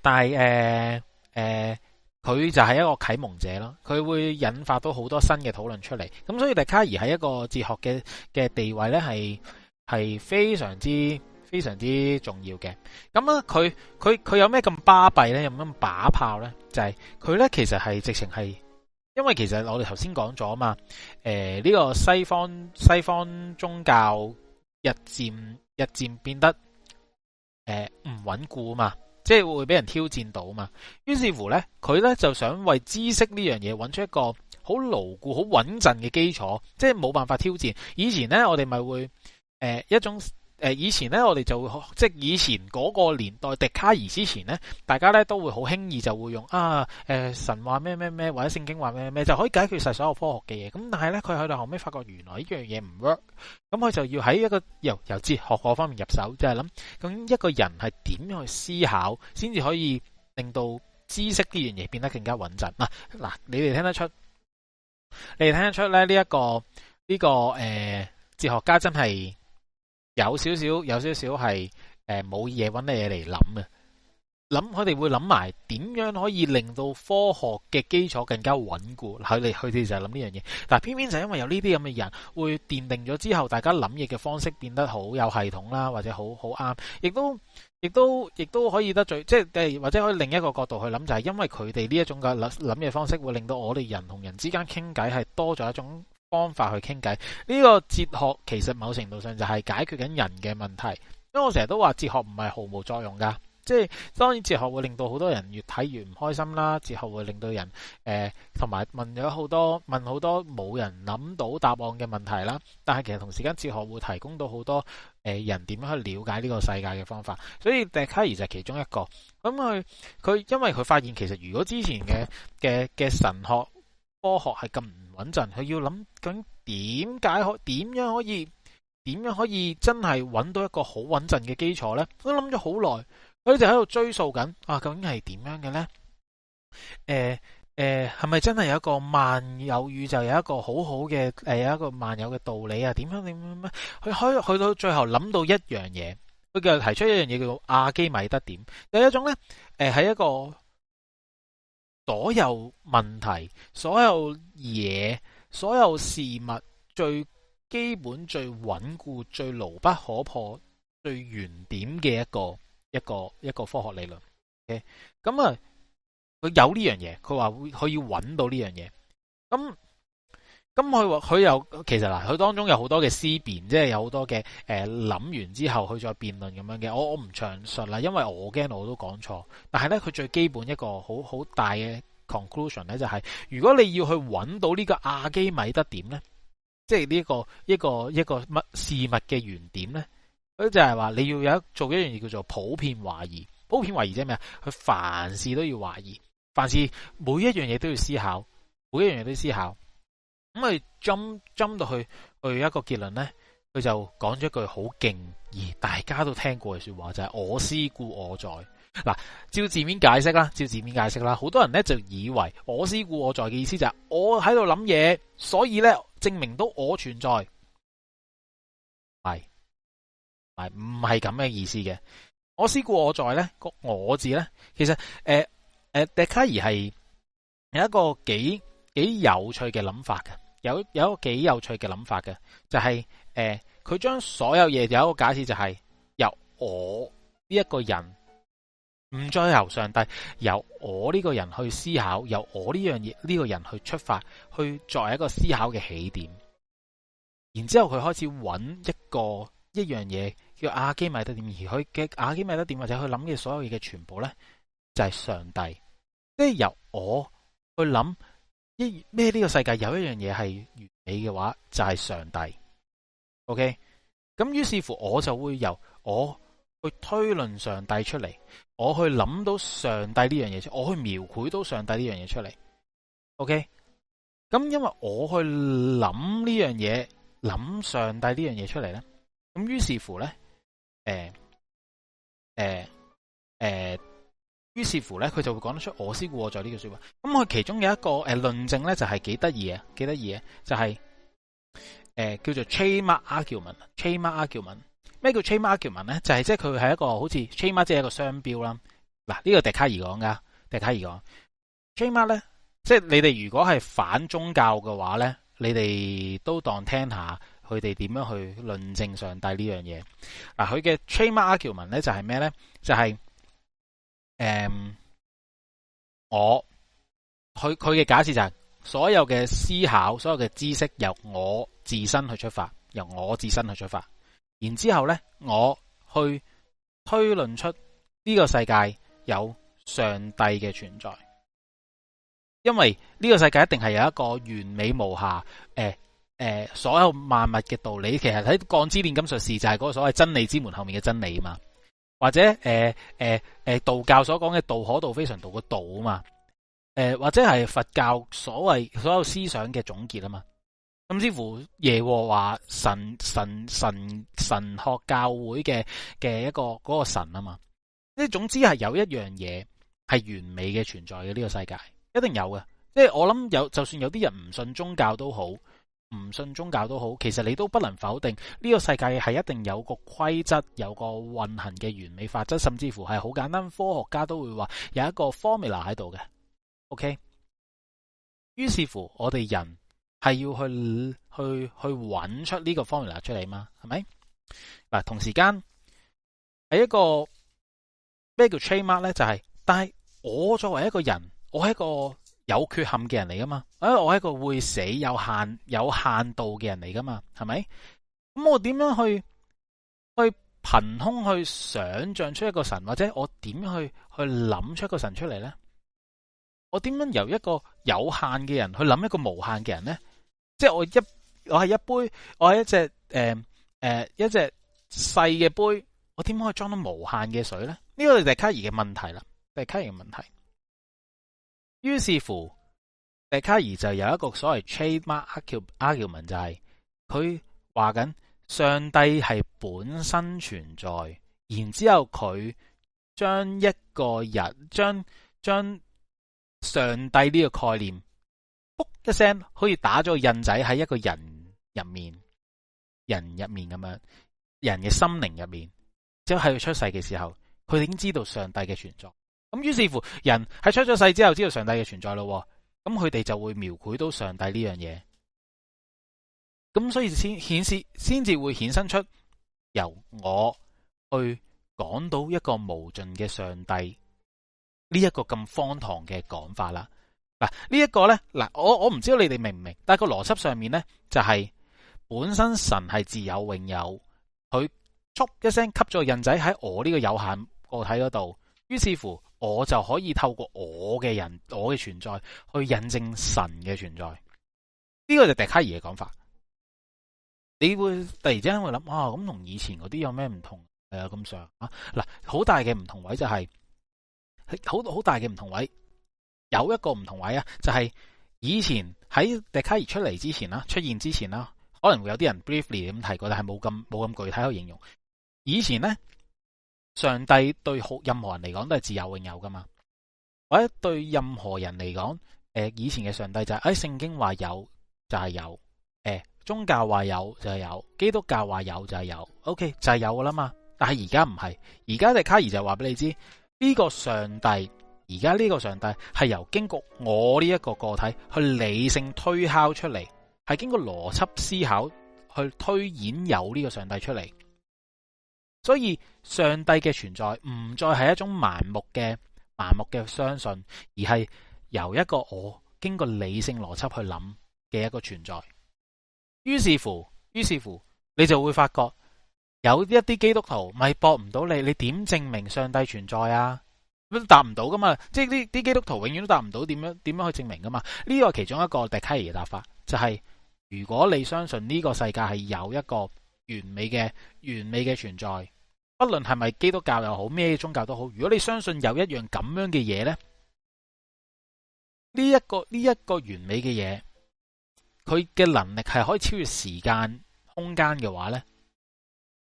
但係誒誒，佢、呃呃、就係一個啟蒙者咯，佢會引發到好多新嘅討論出嚟。咁所以笛卡爾係一個哲學嘅嘅地位咧，係係非常之非常之重要嘅。咁啊，佢佢佢有咩咁巴閉咧？有咩咁把炮咧？就係佢咧，其實係直情係，因為其實我哋頭先講咗啊嘛。誒、呃，呢、這個西方西方宗教日漸日漸變得。誒唔、呃、穩固嘛，即係會俾人挑戰到嘛，於是乎呢，佢呢就想為知識呢樣嘢揾出一個好牢固、好穩陣嘅基礎，即係冇辦法挑戰。以前呢，我哋咪會誒、呃、一種。誒，以前咧，我哋就會即係以前嗰個年代，笛卡爾之前咧，大家咧都會好輕易就會用啊，誒、呃、神話咩咩咩或者聖經話咩咩，就可以解決晒所有科學嘅嘢。咁但係咧，佢去到後尾發覺，原來呢樣嘢唔 work。咁佢就要喺一個由由哲學嗰方面入手，即係諗，咁一個人係點樣去思考，先至可以令到知識呢樣嘢變得更加穩陣。嗱、啊、嗱，你哋聽得出，你哋聽得出咧呢一、這個呢、這個誒、呃、哲學家真係。有少少有少少係誒冇嘢揾嘅嘢嚟諗嘅，諗佢哋會諗埋點樣可以令到科學嘅基礎更加穩固，佢哋佢哋就係諗呢樣嘢。但偏偏就因為有呢啲咁嘅人，會奠定咗之後，大家諗嘢嘅方式變得好有系統啦，或者好好啱，亦都亦都亦都可以得罪，即係或者可以另一個角度去諗，就係因為佢哋呢一種嘅諗諗嘢方式，會令到我哋人同人之間傾偈係多咗一種方法去傾偈，呢個哲學其實某程度上就係解決緊人嘅問題。因為我成日都話哲學唔係毫無作用噶，即係當然哲學會令到好多人越睇越唔開心啦，哲學會令到人誒同埋問咗好多問好多冇人諗到答案嘅問題啦。但係其實同時間，哲學會提供到好多誒人點樣去了解呢個世界嘅方法。所以笛卡爾就係其中一個。咁佢佢因為佢發現，其實如果之前嘅嘅嘅神學。科學係咁唔穩陣，佢要諗緊點解可點樣可以點樣可以真係搵到一個好穩陣嘅基礎咧？佢諗咗好耐，佢就喺度追溯緊啊，究竟係點樣嘅咧？誒、欸、誒，係、欸、咪真係有一個萬有宇宙，有一個好好嘅誒，有一個萬有嘅道理啊？點樣點樣咩？佢去去到最後諗到一樣嘢，佢就提出一樣嘢叫做阿基米德點，有、就是、一種咧誒喺一個。所有問題、所有嘢、所有事物最基本、最穩固、最牢不可破、最原點嘅一個一個一個科學理論。咁、OK？啊，佢有呢樣嘢，佢話會可以揾到呢樣嘢。咁咁佢佢又其實嗱，佢當中有好多嘅思辨，即係有好多嘅誒諗完之後去再辯論咁樣嘅。我我唔詳述啦，因為我驚我都講錯。但係咧，佢最基本一個好好大嘅 conclusion 咧、就係，就係如果你要去揾到呢個阿基米德點咧，即係呢、呢個、呢個、一個一個事物嘅原點咧，佢就係話你要有做一樣嘢叫做普遍懷疑。普遍懷疑即係咩啊？佢凡事都要懷疑，凡事每一樣嘢都要思考，每一樣嘢都要思考。咁佢斟斟到去去一個結論咧，佢就講咗句好勁而大家都聽過嘅說話，就係我思故我在。嗱，照字面解釋啦，照字面解釋啦，好多人咧就以為我思故我在嘅意思就係我喺度諗嘢，所以咧證明到我存在，係係唔係咁嘅意思嘅。我思故我在咧，個我字咧，其實誒誒笛卡兒係有一個幾幾有趣嘅諗法嘅。有有一個幾有趣嘅諗法嘅，就係、是、誒，佢、欸、將所有嘢有一個假設、就是，就係由我呢一個人唔再由上帝，由我呢個人去思考，由我呢樣嘢呢個人去出發，去作為一個思考嘅起點。然之後佢開始揾一個一樣嘢叫阿基米德點，而佢嘅阿基米德點或者佢諗嘅所有嘢嘅全部咧，就係、是、上帝，即、就、係、是、由我去諗。咩呢個世界有一樣嘢係完美嘅話，就係上帝。OK，咁於是乎，我就會由我去推論上帝出嚟，我去諗到上帝呢樣嘢，我去描繪到上帝呢樣嘢出嚟。OK，咁因為我去諗呢樣嘢，諗上帝呢樣嘢出嚟咧，咁於是乎咧，誒，誒，誒。於是乎咧，佢就會講得出我思故我在呢句說話。咁、嗯、佢其中有一個誒論、呃、證咧，就係幾得意嘅，幾得意嘅，就係、是、誒、呃、叫做 trademark argument trademark argument 咩叫 trademark argument 咧？就係即係佢係一個好似 trademark 即係一個商標啦。嗱、啊、呢、這個笛卡爾講噶，笛卡爾講 trademark 咧，即係、就是、你哋如果係反宗教嘅話咧，你哋都當聽下佢哋點樣去論證上帝、啊、呢樣嘢。嗱，佢嘅 trademark argument 咧就係咩咧？就係、是。就是誒，um，我佢佢嘅假設就係所有嘅思考，所有嘅知識由我自身去出發，由我自身去出發，然之後呢我去推論出呢個世界有上帝嘅存在，因為呢個世界一定係有一個完美無瑕，誒、呃、誒、呃，所有萬物嘅道理，其實喺《鋼之煉金術師》就係嗰個所謂真理之門後面嘅真理嘛。或者誒誒誒，道教所講嘅道可道非常道嘅道啊嘛，誒或者係佛教所謂所有思想嘅總結啊嘛，甚至乎耶和華神神神神學教會嘅嘅一個嗰個神啊嘛，即係總之係有一樣嘢係完美嘅存在嘅，呢個世界一定有嘅，即係我諗有，就算有啲人唔信宗教都好。唔信宗教都好，其實你都不能否定呢個世界係一定有個規則，有個運行嘅完美法則，甚至乎係好簡單，科學家都會話有一個 formula 喺度嘅。OK，於是乎我哋人係要去去去揾出呢個 formula 出嚟嘛，係咪？嗱，同時間係一個咩叫 trademark 咧？就係、是，但係我作為一個人，我係一個。有缺陷嘅人嚟噶嘛？誒，我係一個會死有限有限度嘅人嚟噶嘛？係咪？咁我點樣去去憑空去想象出一個神，或者我點去去諗出一個神出嚟咧？我點樣由一個有限嘅人去諗一個無限嘅人咧？即係我一我係一杯，我係一隻誒誒、呃呃、一隻細嘅杯，我點可以裝到無限嘅水咧？呢、這個就係笛卡爾嘅問題啦，就係笛卡爾嘅問題。於是乎，笛卡爾就有一個所謂 trademark argument，就係佢話緊上帝係本身存在，然之後佢將一個人將將上帝呢個概念扑一聲，好似打咗個印仔喺一個人入面，人入面咁樣，人嘅心靈入面，即喺佢出世嘅時候，佢已經知道上帝嘅存在。咁於是乎，人喺出咗世之後，知道上帝嘅存在咯。咁佢哋就會描繪到上帝呢樣嘢。咁所以先顯示，先至會衍生出由我去講到一個無盡嘅上帝呢一個咁荒唐嘅講法啦。嗱，呢一個咧，嗱，我我唔知道你哋明唔明，但係個邏輯上面咧，就係本身神係自有永有，佢速一聲吸咗個印仔喺我呢個有限個體嗰度。於是乎，我就可以透過我嘅人、我嘅存在去印證神嘅存在。呢個就係笛卡爾嘅講法。你會突然之間會諗啊，咁同以前嗰啲有咩唔同？係咁上啊，嗱，好大嘅唔同位就係，好好大嘅唔同位。有一個唔同位啊，就係以前喺笛卡爾出嚟之前啦，出現之前啦，可能會有啲人 briefly 咁提過，但係冇咁冇咁具體去形容。以前咧。上帝對好任何人嚟講都係自由永有噶嘛？或者對任何人嚟講，誒，以前嘅上帝就係，誒，聖經話有就係有，誒，宗教話有就係有，基督教話有就係有，OK 就係有噶啦嘛。但係而家唔係，而家隻卡爾就係話俾你知，呢個上帝而家呢個上帝係由經過我呢一個個體去理性推敲出嚟，係經過邏輯思考去推演有呢個上帝出嚟。所以上帝嘅存在唔再係一種盲目嘅盲目嘅相信，而係由一個我經過理性邏輯去諗嘅一個存在。於是乎，於是乎，你就會發覺有一啲基督徒咪駁唔到你，你點證明上帝存在啊？都答唔到噶嘛？即係呢啲基督徒永遠都答唔到點樣點樣去證明噶嘛？呢個其中一個笛卡兒嘅答法就係、是：如果你相信呢個世界係有一個完美嘅完美嘅存在。不論係咪基督教又好，咩宗教都好，如果你相信有一樣咁樣嘅嘢咧，呢一個呢一個完美嘅嘢，佢嘅能力係可以超越時間空間嘅話咧，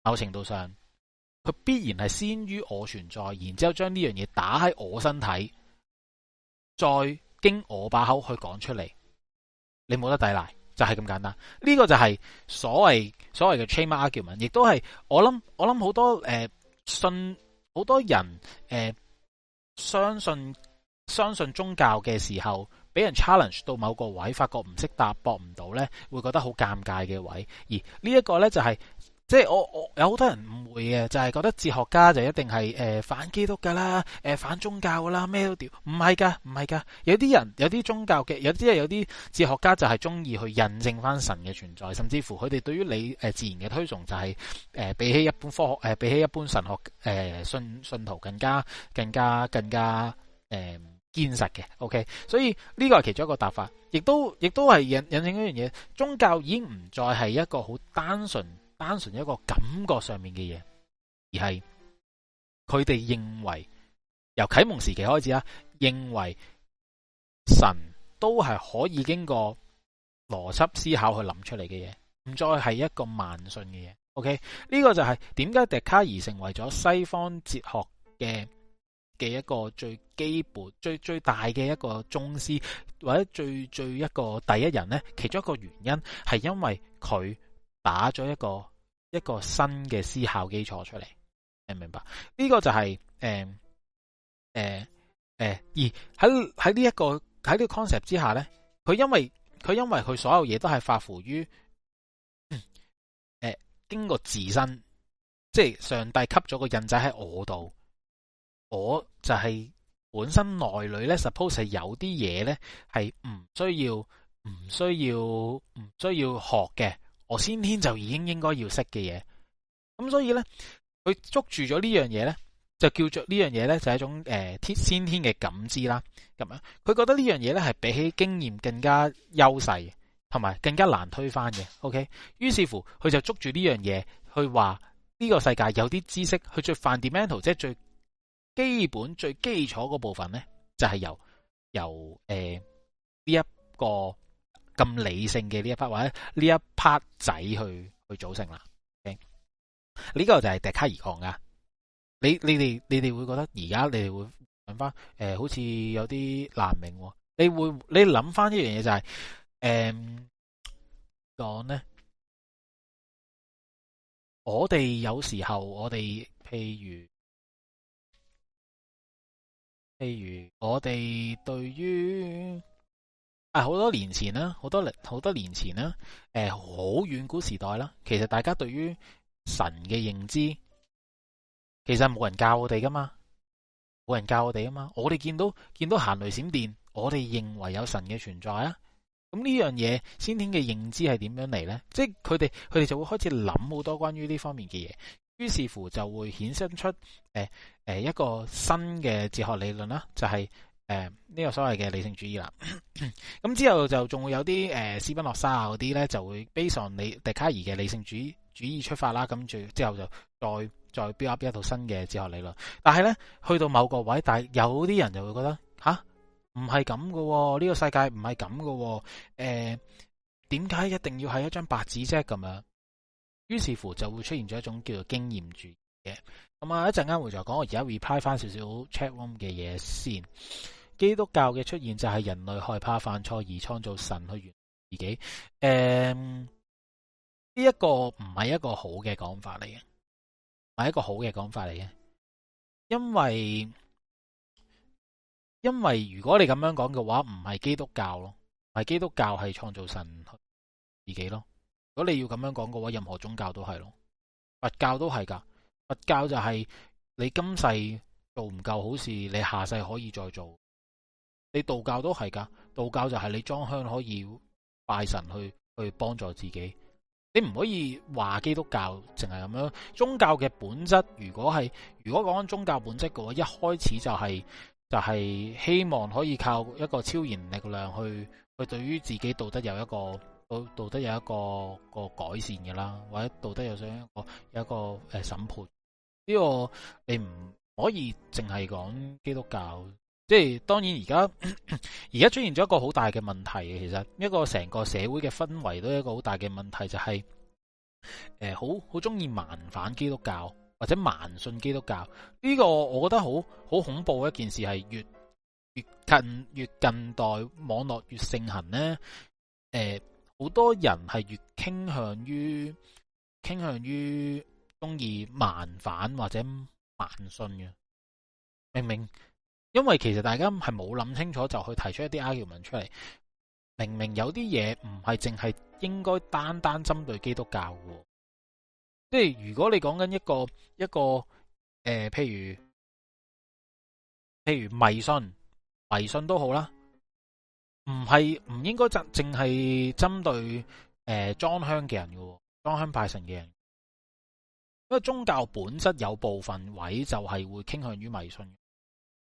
某程度上，佢必然係先於我存在，然之後將呢樣嘢打喺我身體，再經我把口去講出嚟，你冇得抵賴。就係咁簡單，呢、這個就係所謂所謂嘅 chamber argument 亦都係我諗我諗好多誒、呃、信好多人誒、呃、相信相信宗教嘅時候，俾人 challenge 到某個位，發覺唔識答，駁唔到咧，會覺得好尷尬嘅位。而呢一個呢，就係、是。即係我，我有好多人誤會嘅，就係、是、覺得哲學家就一定係誒、呃、反基督教噶啦，誒、呃、反宗教㗎啦，咩都屌唔係噶，唔係噶。有啲人有啲宗教嘅，有啲係有啲哲學家就係中意去印證返神嘅存在，甚至乎佢哋對於你誒、呃、自然嘅推崇就係、是、誒、呃、比起一般科學誒、呃、比起一般神學誒、呃、信信徒更加更加更加誒堅、呃、實嘅。OK，所以呢個係其中一個答法，亦都亦都係印印證一樣嘢，宗教已經唔再係一個好單純。單純一個感覺上面嘅嘢，而係佢哋認為由啟蒙時期開始啊，認為神都係可以經過邏輯思考去諗出嚟嘅嘢，唔再係一個萬信嘅嘢。OK，呢個就係點解笛卡爾成為咗西方哲學嘅嘅一個最基本、最最大嘅一個宗師，或者最最一個第一人咧？其中一個原因係因為佢。打咗一個一個新嘅思考基礎出嚟，明唔明白？呢個就係誒誒誒，而喺喺呢一個喺呢 concept 之下咧，佢因為佢因為佢所有嘢都係發乎於誒、嗯呃、經過自身，即係上帝吸咗個印仔喺我度，我就係本身內裏咧，suppose 係有啲嘢咧係唔需要唔需要唔需要學嘅。我先天就已經應該要識嘅嘢，咁所以咧，佢捉住咗呢樣嘢咧，就叫做這件事呢樣嘢咧，就係一種誒、呃、先天嘅感知啦。咁、嗯、樣，佢覺得這件事呢樣嘢咧係比起經驗更加優勢，同埋更加難推翻嘅。OK，於是乎，佢就捉住呢樣嘢去話呢個世界有啲知識，去最 fundamental，即係最基本、最基礎嗰部分咧，就係、是、由由誒呢、呃、一個。咁理性嘅呢一 part 或者呢一 part 仔去去組成啦。呢、okay？個就係迪卡爾抗噶。你你哋你哋會覺得而家你哋會諗翻誒，好似有啲難明、哦。你會你諗翻、就是呃、呢樣嘢就係誒講呢我哋有時候我哋譬如譬如我哋對於。啊，係好多年前啦，好多好多年前啦，誒，好遠古時代啦。其實大家對於神嘅認知，其實冇人教我哋噶嘛，冇人教我哋啊嘛。我哋見到見到行雷閃電，我哋認為有神嘅存在啊。咁呢樣嘢先天嘅認知係點樣嚟呢？即係佢哋佢哋就會開始諗好多關於呢方面嘅嘢，於是乎就會衍生出誒誒，一個新嘅哲學理論啦，就係。誒，呢、呃，呢個所謂嘅理性主義啦，咁之後就仲會有啲誒，斯賓洛莎嗰啲咧，就會 base on 笛卡爾嘅理性主義主義出發啦，跟住之後就再再 build up 一套新嘅哲學理論。但係咧，去到某個位，但係有啲人就會覺得吓，唔係咁喎，呢、哦呢個世界唔係咁噶，誒、呃，點解一定要係一張白紙啫？咁樣，於是乎就會出現咗一種叫做經驗主義嘅，咁啊一陣間會再講。我而家 reply 翻少少 chat room 嘅嘢先。基督教嘅出現就係人類害怕犯錯而創造神去完自己。誒、嗯、呢、這、一個唔係一個好嘅講法嚟嘅，唔係一個好嘅講法嚟嘅，因為因為如果你咁樣講嘅話，唔係基督教咯，係基督教係創造神去自己咯。如果你要咁樣講嘅話，任何宗教都係咯，佛教都係噶。佛教就係你今世做唔夠好事，你下世可以再做。你道教都係噶，道教就係你裝香可以拜神去去幫助自己。你唔可以話基督教淨係咁樣。宗教嘅本質，如果係如果講緊宗教本質嘅話，一開始就係就係希望可以靠一個超然力量去去對於自己道德有一個。道德有一個個改善嘅啦，或者道德有想一個有一個誒審判呢，這個，你唔可以淨係講基督教，即係當然而家而家出現咗一個好大嘅問題嘅，其實一個成個社會嘅氛圍都係一個好大嘅問題，就係誒好好中意盲反基督教或者盲信基督教呢，這個，我覺得好好恐怖嘅一件事係越越近越近代網絡越盛行咧，誒、呃。好多人係越傾向於傾向於中意盲反或者盲信嘅，明明因為其實大家係冇諗清楚就去提出一啲 argument 出嚟，明明有啲嘢唔係淨係應該單單針對基督教嘅，即係如，如果你講緊一個一個誒、呃，譬如譬如迷信迷信都好啦。唔係唔應該就淨係針對誒裝、呃、香嘅人喎。裝香拜神嘅人，因為宗教本質有部分位就係會傾向於迷信，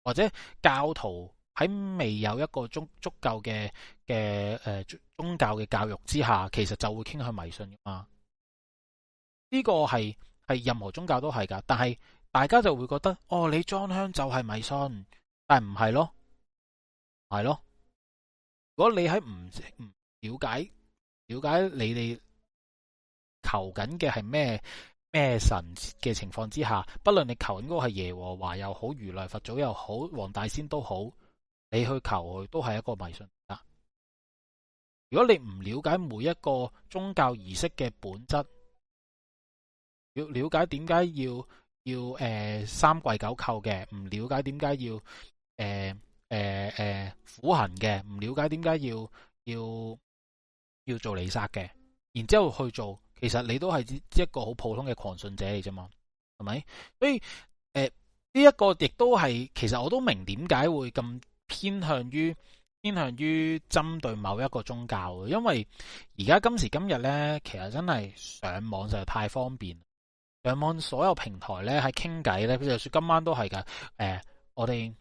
或者教徒喺未有一個足足夠嘅嘅誒宗教嘅教育之下，其實就會傾向迷信噶嘛。呢個係係任何宗教都係噶，但係大家就會覺得哦，你裝香就係迷信，但係唔係咯，係咯。如果你喺唔唔了解了解你哋求緊嘅係咩咩神嘅情況之下，不論你求緊嗰個係耶和華又好，如來佛祖又好，黃大仙都好，你去求佢都係一個迷信啊。如果你唔了解每一個宗教儀式嘅本質，要了解點解要要誒、呃、三跪九叩嘅，唔了解點解要誒。呃誒誒、呃呃，苦行嘅唔了解，點解要要要做彌撒嘅？然之後去做，其實你都係一個好普通嘅狂信者嚟啫嘛，係咪？所以誒呢一個亦都係，其實我都明點解會咁偏向於偏向於針對某一個宗教嘅，因為而家今時今日咧，其實真係上網實在太方便，上網所有平台咧喺傾偈咧，譬如說今晚都係噶誒，我哋。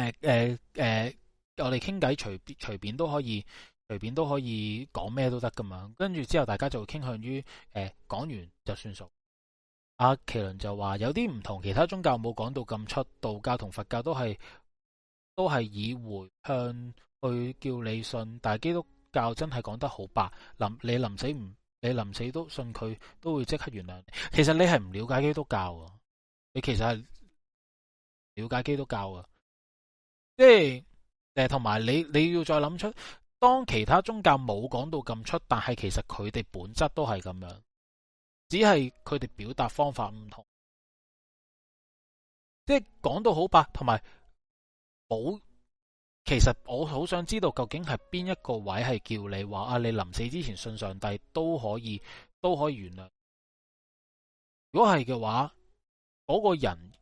誒誒誒，我哋傾偈，隨便隨便都可以，隨便都可以講咩都得㗎嘛。跟住之後，大家就會傾向於誒講、呃、完就算數。阿麒麟就話有啲唔同，其他宗教冇講到咁出，道教同佛教都係都係以回向去叫你信，但係基督教真係講得好白，臨你臨死唔你臨死都信佢，都會即刻原諒你。其實你係唔了解基督教啊，你其實係了解基督教啊。即係誒，同埋你你要再諗出，當其他宗教冇講到咁出，但係其實佢哋本質都係咁樣，只係佢哋表達方法唔同。即係講到好白，同埋冇，其實我好想知道究竟係邊一個位係叫你話啊？你臨死之前信上帝都可以，都可以原諒。如果係嘅話，嗰個人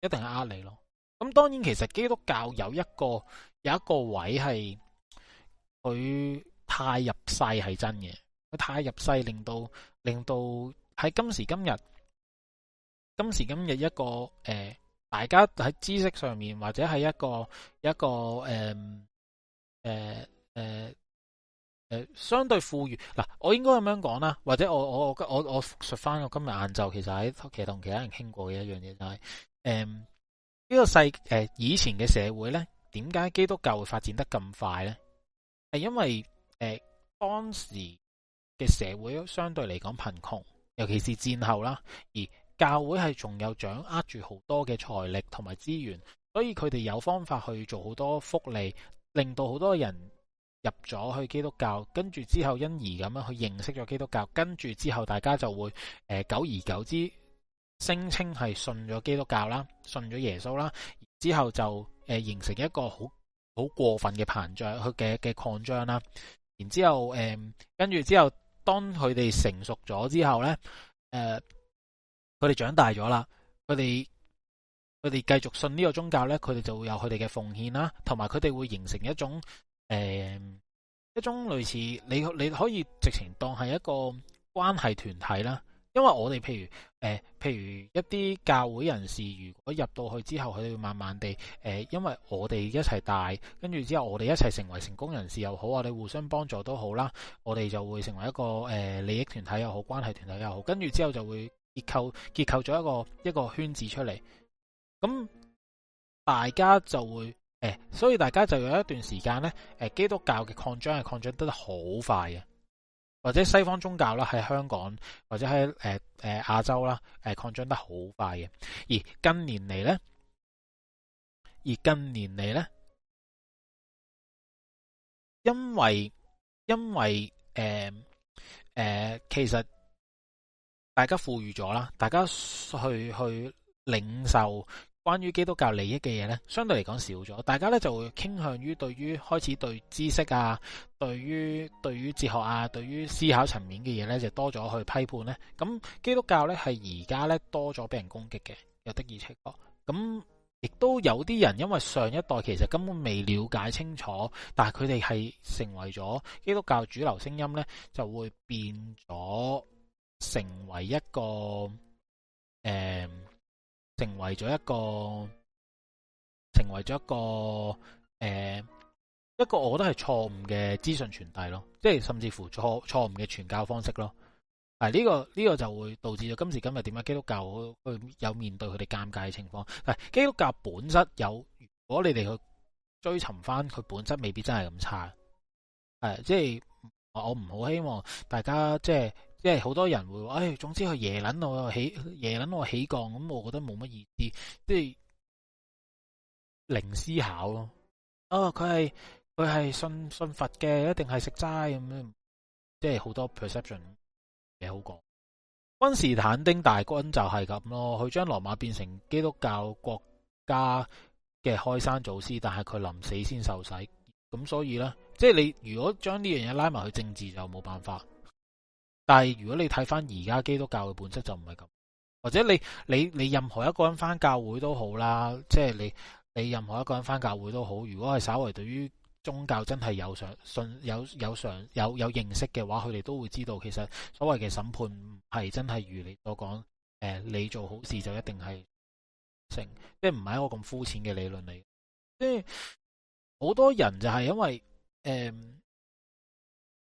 一定係呃你咯。咁當然，其實基督教有一個有一個位係佢太入世係真嘅，佢太入世令到令到喺今時今日，今時今日一個誒、呃，大家喺知識上面或者係一個一個誒誒誒誒相對富裕嗱，我應該咁樣講啦，或者我我我我複述翻我今日晏晝其實喺屋企同其他人傾過嘅一樣嘢就係、是、誒。呃呢個世誒、呃，以前嘅社會呢，點解基督教會發展得咁快呢？係因為誒、呃，當時嘅社會相對嚟講貧窮，尤其是戰後啦，而教會係仲有掌握住好多嘅財力同埋資源，所以佢哋有方法去做好多福利，令到好多人入咗去基督教，跟住之後因而咁樣去認識咗基督教，跟住之後大家就會誒、呃，久而久之。聲稱係信咗基督教啦，信咗耶穌啦，之後就誒形成一個好好過分嘅膨脹，佢嘅嘅擴張啦。然之後誒，跟住之後，當佢哋成熟咗之後咧，誒，佢哋長大咗啦，佢哋佢哋繼續信呢個宗教咧，佢哋就會有佢哋嘅奉獻啦，同埋佢哋會形成一種誒、呃、一種類似你你可以直情當係一個關係團體啦。因為我哋譬如誒、呃，譬如一啲教會人士如果入到去之後，佢哋會慢慢地誒、呃，因為我哋一齊大，跟住之後我哋一齊成為成功人士又好，我哋互相幫助都好啦，我哋就會成為一個誒、呃、利益團體又好，關係團體又好，跟住之後就會結構結構咗一個一個圈子出嚟，咁大家就會誒、呃，所以大家就有一段時間呢，誒、呃、基督教嘅擴張係擴張得好快嘅。或者西方宗教啦，喺香港或者喺誒誒亞洲啦，誒擴張得好快嘅。而近年嚟咧，而近年嚟咧，因為因為誒誒、呃呃，其實大家富裕咗啦，大家去去領受。關於基督教利益嘅嘢呢，相對嚟講少咗，大家呢就會傾向於對於開始對知識啊，對於對於哲學啊，對於思考層面嘅嘢呢，就多咗去批判呢。咁基督教呢係而家呢多咗俾人攻擊嘅，又的而且確。咁亦都有啲人因為上一代其實根本未了解清楚，但係佢哋係成為咗基督教主流聲音呢，就會變咗成為一個誒。嗯成為咗一個，成為咗一個，誒、呃，一個我覺得係錯誤嘅資訊傳遞咯，即係甚至乎錯錯誤嘅傳教方式咯。啊、這個，呢個呢個就會導致咗今時今日點解基督教去有面對佢哋尷尬嘅情況。係基督教本質有，如果你哋去追尋翻佢本質，未必真係咁差。誒，即係我唔好希望大家即係。即係好多人會，誒、哎，總之佢夜捻我起，夜捻我起降，咁我覺得冇乜意思，即係零思考咯。哦，佢係佢係信信佛嘅，一定係食齋咁樣，即係好多 perception 嘢好講。君士坦丁大軍就係咁咯，佢將羅馬變成基督教國家嘅開山祖師，但係佢臨死先受洗，咁所以咧，即係你如果將呢樣嘢拉埋去政治就冇辦法。但係如果你睇返而家基督教嘅本質就唔係咁，或者你你你任何一個人返教會都好啦，即係你你任何一個人返教會都好。如果係稍為對於宗教真係有上信有有上有有,有認識嘅話，佢哋都會知道其實所謂嘅審判係真係如你所講，誒、呃，你做好事就一定係成，即係唔係一個咁膚淺嘅理論嚟。即係好多人就係因為誒誒。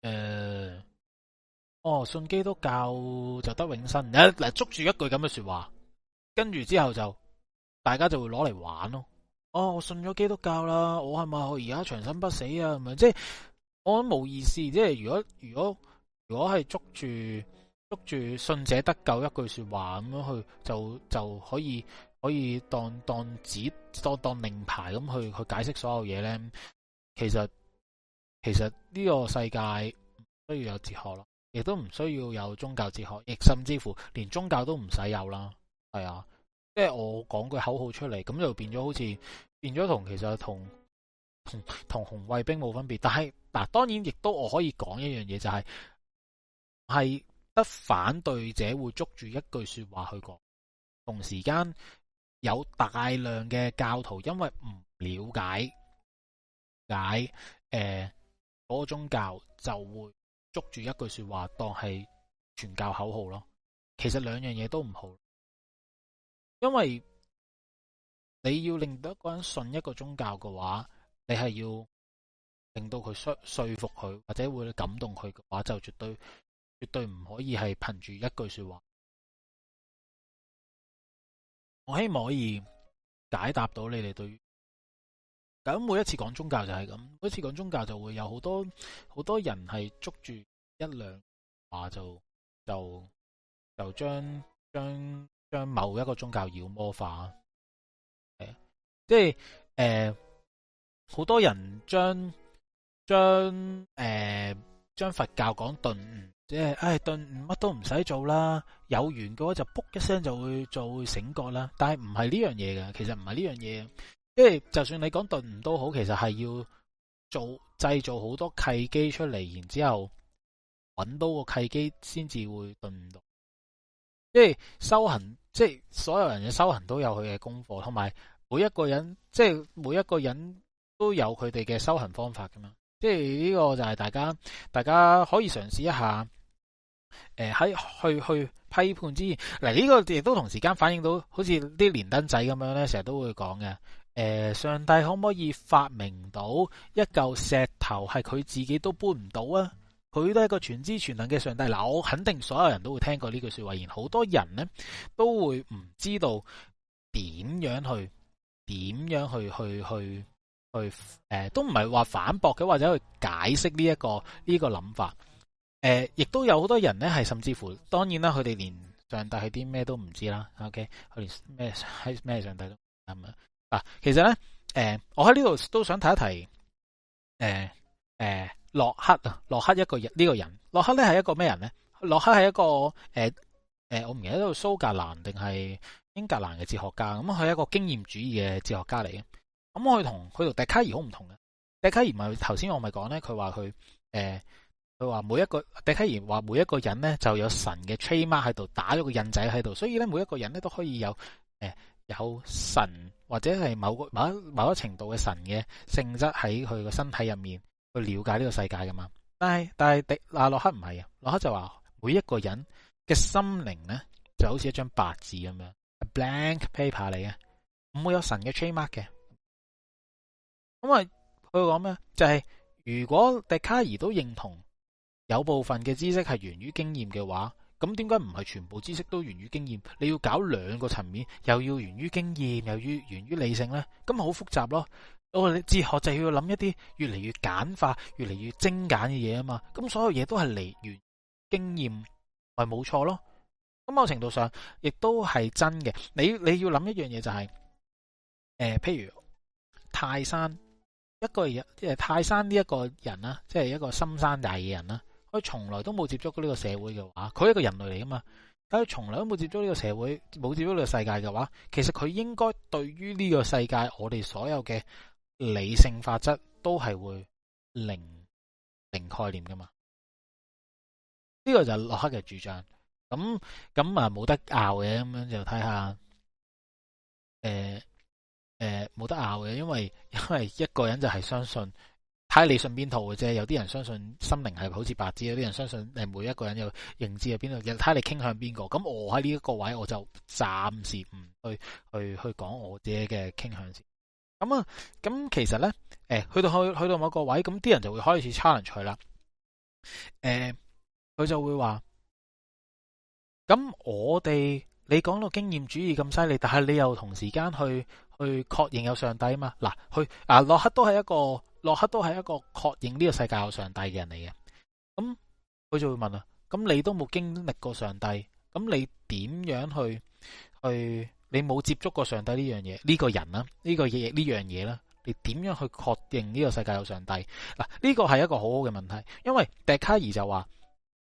呃呃哦，信基督教就得永生。嗱、啊，嗱捉住一句咁嘅說話，跟住之後就大家就會攞嚟玩咯，哦。哦，我信咗基督教啦，我係咪我而家長生不死啊？唔係，即係我冇意思。即係如果如果如果係捉住捉住信者得救一句說話咁樣去，就就可以可以當當紙當當令牌咁去去解釋所有嘢咧。其實其實呢個世界需要有哲學咯。亦都唔需要有宗教哲學，亦甚至乎連宗教都唔使有啦。係啊，即係我講句口號出嚟，咁就變咗好似變咗同其實同同同紅衛兵冇分別。但係嗱，當然亦都我可以講一樣嘢、就係，就係係得反對者會捉住一句說話去講，同時間有大量嘅教徒因為唔了解解誒嗰、呃嗰個宗教就會。捉住一句說話當係傳教口號咯，其實兩樣嘢都唔好。因為你要令到一個人信一個宗教嘅話，你係要令到佢說說服佢，或者會感動佢嘅話，就絕對絕對唔可以係憑住一句說話。我希望可以解答到你哋對咁每一次講宗教就係咁，每一次講宗教就會有好多好多人係捉住一兩話就就就將將將某一個宗教妖魔化，即係誒，好、呃、多人將將誒、呃、將佛教講頓悟，即係誒、哎、頓悟乜都唔使做啦，有緣嘅話就卜一聲就會做醒覺啦，但係唔係呢樣嘢嘅，其實唔係呢樣嘢。即係，就算你講頓悟都好，其實係要做製造好多契機出嚟，然之後揾到個契機先至會頓悟到。即係修行，即係所有人嘅修行都有佢嘅功課，同埋每一個人，即係每一個人都有佢哋嘅修行方法噶嘛。即係呢個就係大家，大家可以嘗試一下。誒、呃，喺去去批判之前，嗱呢、呢個亦都同時間反映到，好似啲連登仔咁樣咧，成日都會講嘅。誒、呃，上帝可唔可以發明到一嚿石頭係佢自己都搬唔到啊？佢都係一個全知全能嘅上帝。嗱、啊，我肯定所有人都會聽過呢句說話，然好多人呢，都會唔知道點樣去點樣去去去去誒、呃，都唔係話反駁嘅，或者去解釋呢一個呢、呢個諗法。誒、呃，亦都有好多人呢，係甚至乎，當然啦，佢哋連上帝係啲咩都唔知啦。OK，佢連咩咩上帝都唔知。嗱、啊，其實咧，誒、呃，我喺呢度都想提一提。誒、呃，誒、呃，洛克啊，洛克一個人呢、這個人，洛克咧係一個咩人咧？洛克係一個，誒，誒，我唔記得喺度蘇格蘭定係英格蘭嘅哲學家，咁佢係一個經驗主義嘅哲學家嚟嘅，咁佢同佢同笛卡爾好唔同嘅。笛卡爾咪頭先我咪講咧，佢話佢，誒、呃，佢話每一個笛卡爾話每一個人咧就有神嘅 trademark 喺度打咗個印仔喺度，所以咧每一個人咧都可以有，誒、呃，有神。或者係某個某一某一程度嘅神嘅性質喺佢個身體入面去了解呢個世界噶嘛？但係但係笛亞洛克唔係啊，洛克就話每一個人嘅心靈咧就好似一張白紙咁樣、A、blank paper 嚟嘅，唔會有，有神嘅 trademark 嘅。咁啊，佢講咩？就係、是、如果笛卡爾都認同有部分嘅知識係源於經驗嘅話。咁點解唔係全部知識都源於經驗？你要搞兩個層面，又要源於經驗，又要源於理性咧，咁好複雜咯。我話你哲學就要諗一啲越嚟越簡化、越嚟越精簡嘅嘢啊嘛。咁所有嘢都係嚟源經驗，係冇錯咯。咁某程度上亦都係真嘅。你你要諗一樣嘢就係、是，誒、呃，譬如泰山一個，泰山個人，即係泰山呢一個人啊，即係一個深山大野人啦。佢從來都冇接觸過呢個社會嘅話，佢係一個人類嚟噶嘛？佢從來都冇接觸呢個社會，冇接觸呢個世界嘅話，其實佢應該對於呢個世界，我哋所有嘅理性法則都係會零零概念噶嘛？呢個就係洛克嘅主張。咁咁啊，冇得拗嘅，咁樣就睇下。誒誒，冇得拗嘅，因為因為一個人就係相信。睇你信邊套嘅啫，有啲人相信心靈係好似白紙，有啲人相信誒，每一個人有認知喺邊度，睇下你傾向邊個。咁我喺呢一個位，我就暫時唔去去去講我自己嘅傾向先。咁啊，咁其實咧，誒、欸、去到去去到某個位，咁啲人就會開始 challenge 佢啦。誒、欸，佢就會話：，咁我哋你講到經驗主義咁犀利，但係你又同時間去去確認有上帝啊嘛？嗱，去啊洛克都係一個。洛克都係一個確認呢個世界有上帝嘅人嚟嘅。咁佢就會問啦：，咁你都冇經歷過上帝，咁你點樣去去？你冇接觸過上帝呢樣嘢呢個人啦，呢個嘢呢樣嘢啦，你點樣去確認呢個世界有上帝嗱？呢個係一個好好嘅問題，因為迪卡兒就話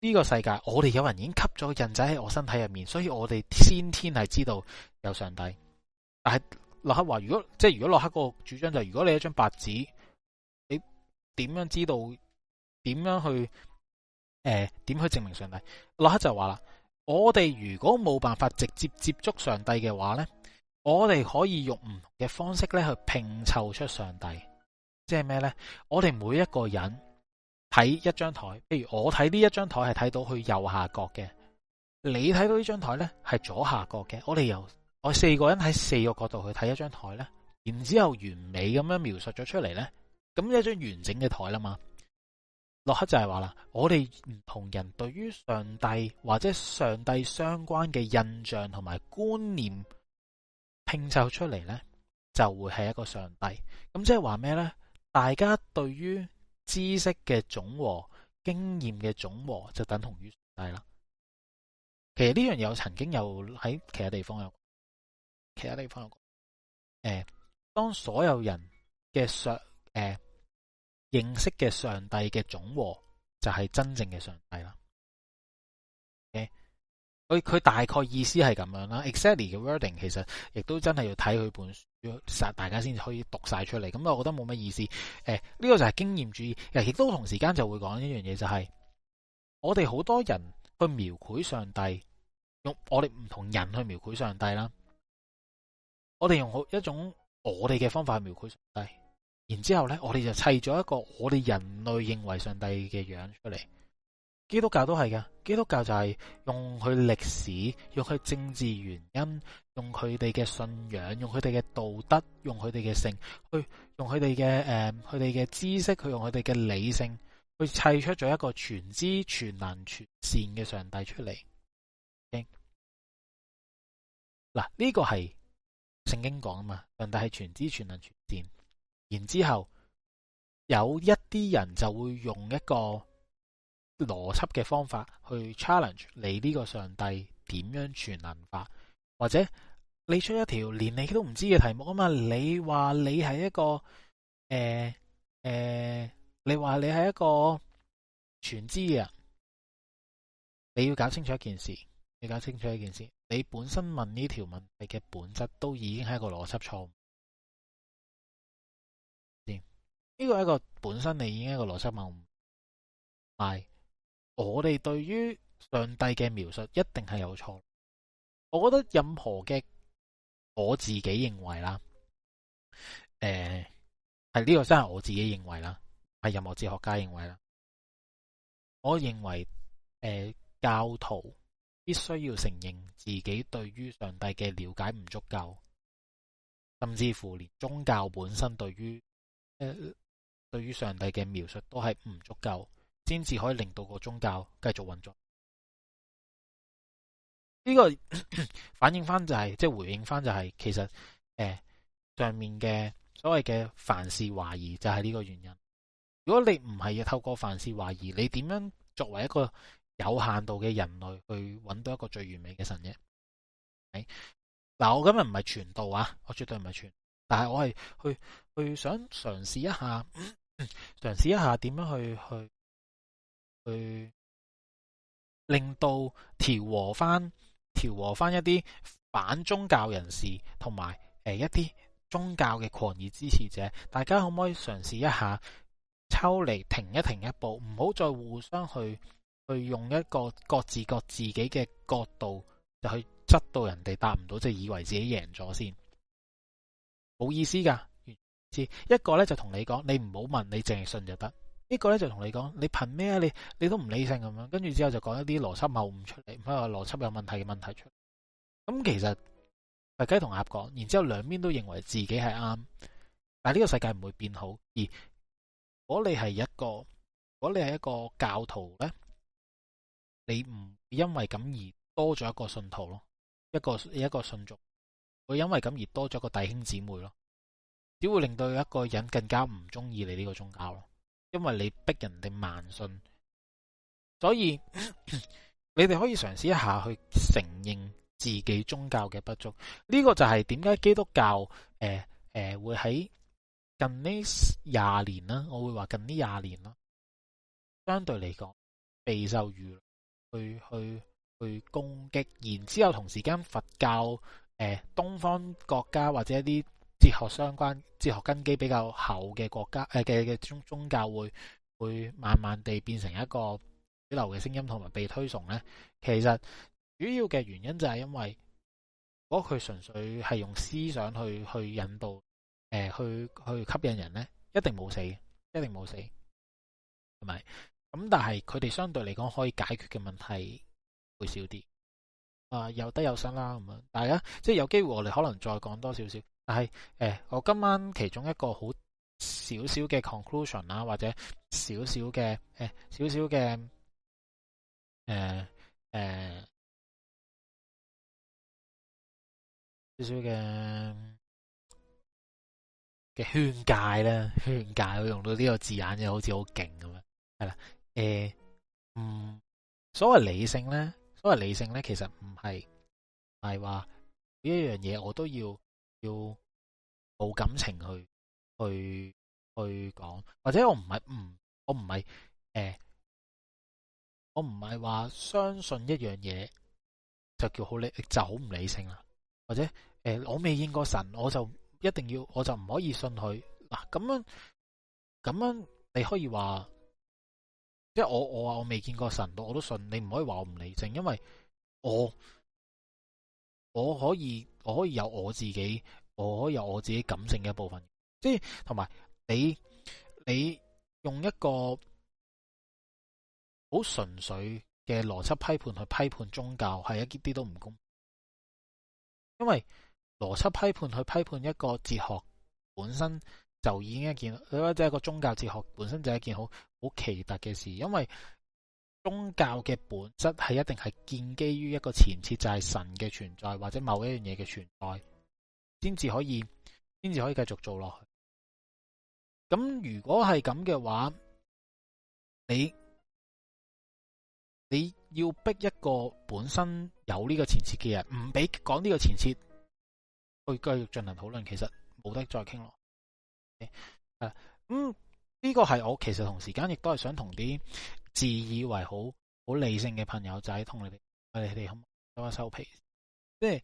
呢個世界我哋有人已經吸咗印仔喺我身體入面，所以我哋先天係知道有上帝。但係洛克話，如果即係如果洛克個主張就係如果你一張白紙。點樣知道？點樣去？誒、呃，點去證明上帝？洛克就話啦：我哋如果冇辦法直接接觸上帝嘅話呢，我哋可以用唔同嘅方式咧去拼湊出上帝。即係咩呢？我哋每一個人睇一張台，譬如我睇呢一張台係睇到去右下角嘅，你睇到呢張台呢係左下角嘅。我哋由我四個人喺四個角度去睇一張台呢，然之後完美咁樣描述咗出嚟呢，咁一張完整嘅台啦嘛，洛克就係話啦，我哋唔同人對於上帝或者上帝相關嘅印象同埋觀念拼湊出嚟咧，就會係一個上帝。咁即係話咩咧？大家對於知識嘅總和、經驗嘅總和就等同於上帝啦。其實呢樣嘢我曾經有喺其他地方有，其他地方有講。誒、欸，當所有人嘅上誒。欸認識嘅上帝嘅總和就係真正嘅上帝啦。誒，佢佢大概意思係咁樣啦。Exactly 嘅 wording 其實亦都真係要睇佢本書，晒大家先至可以讀晒出嚟。咁我覺得冇乜意思。誒，呢個就係經驗主義，亦都同時間就會講一樣嘢，就係我哋好多人去描繪上帝，用我哋唔同人去描繪上帝啦。我哋用好一種我哋嘅方法去描繪上帝。然之後咧，我哋就砌咗一個我哋人類認為上帝嘅樣出嚟。基督教都係㗎，基督教就係用佢歷史，用佢政治原因，用佢哋嘅信仰，用佢哋嘅道德，用佢哋嘅性，去用佢哋嘅誒，佢哋嘅知識，用佢哋嘅理性，去砌出咗一個全知、全能、全善嘅上帝出嚟。嗱，呢個係聖經講啊嘛，上帝係全知、全能、全善。然之後有一啲人就會用一個邏輯嘅方法去 challenge 你呢個上帝點樣全能化，或者你出一條連你都唔知嘅題目啊嘛。呃呃，你話你係一個誒誒，你話你係一個全知嘅人，你要搞清楚一件事，要搞清楚一件事，你本身問呢條問題嘅本質都已經係一個邏輯錯誤。呢個係一個本身你已經一個邏輯謬誤，係我哋對於上帝嘅描述一定係有錯。我覺得任何嘅我自己認為啦，誒係呢個真係我自己認為啦，係任何哲學家認為啦。我認為誒、呃、教徒必須要承認自己對於上帝嘅了解唔足夠，甚至乎連宗教本身對於誒。呃對於上帝嘅描述都係唔足夠，先至可以令到個宗教繼續運作。呢、這個 [COUGHS] 反映翻就係、是，即係回應翻就係、是，其實誒、呃、上面嘅所謂嘅凡事懷疑就係呢個原因。如果你唔係要透過凡事懷疑，你點樣作為一個有限度嘅人類去揾到一個最完美嘅神啫？係嗱，我今日唔係傳道啊，我絕對唔係傳道。但係我係去去想嘗試一下，嘗試一下點樣去去去令到調和翻調和翻一啲反宗教人士同埋誒一啲宗教嘅狂熱支持者，大家可唔可以嘗試一下抽離停一停一步，唔好再互相去去用一個各自各自己嘅角度就去窒到人哋答唔到，即係以為自己贏咗先。冇意思噶，完全一個咧就同你講，你唔好問，你淨係信就得。一個咧就同你講，你憑咩啊？你你都唔理性咁樣，跟住之後就講一啲邏輯謬誤出嚟，唔係話邏輯有問題嘅問題出嚟。咁、嗯、其實係雞同鴨講，然之後兩邊都認為自己係啱，但係呢個世界唔會變好。而如果你係一個，如果你係一個教徒咧，你唔因爲咁而多咗一個信徒咯，一個一個信俗。會因為咁而多咗個弟兄姊妹咯，只會令到一個人更加唔中意你呢個宗教咯，因為你逼人哋盲信，所以你哋可以嘗試一下去承認自己宗教嘅不足。呢、這個就係點解基督教誒誒、呃呃、會喺近呢廿年啦，我會話近呢廿年啦，相對嚟講備受輿論去去去攻擊，然之後同時間佛教。誒，東方國家或者一啲哲學相關、哲學根基比較厚嘅國家誒嘅嘅宗宗教會會慢慢地變成一個主流嘅聲音，同埋被推崇咧。其實主要嘅原因就係因為，如果佢純粹係用思想去去引導，誒、呃，去去吸引人咧，一定冇死，一定冇死，係咪？咁但係佢哋相對嚟講可以解決嘅問題會少啲。啊，有得有失啦，大家，即係有機會我哋可能再講多少少，但係，誒、哎，我今晚其中一個好少少嘅 conclusion 啦，或者少少嘅，誒、哎，少少嘅，誒、哎，誒、哎，少少嘅嘅勸戒咧，勸、哎、戒，會、嗯、用到呢個字眼就好似好勁咁樣，係啦，誒、哎，嗯，所謂理性咧。所謂理性咧，其實唔係係話呢一樣嘢，不是這件事我都要要冇感情去去去講，或者我唔係唔我唔係誒，我唔係話相信一樣嘢就叫好理，就好唔理性啦。或者誒、呃，我未應過神，我就一定要，我就唔可以信佢嗱咁樣咁樣，樣你可以話。即係我我話我未見過神，我都信。你唔可以話我唔理性，因為我我可以我可以有我自己，我可以有我自己感性嘅一部分。即係同埋你你用一個好純粹嘅邏輯批判去批判宗教，係一啲啲都唔公平。因為邏輯批判去批判一個哲學本身。就已經一件或者一個宗教哲學本身就係一件好好奇特嘅事，因為宗教嘅本質係一定係建基於一個前設，就係神嘅存在或者某一樣嘢嘅存在，先至可以先至可以繼續做落去。咁如果係咁嘅話，你你要逼一個本身有呢個前設嘅人，唔俾講呢個前設去繼續進行討論，其實冇得再傾咯。誒、咁呢、嗯呢個係我其實同時間亦都係想同啲自以為好好理性嘅朋友仔，同你哋，你哋收下收皮？即係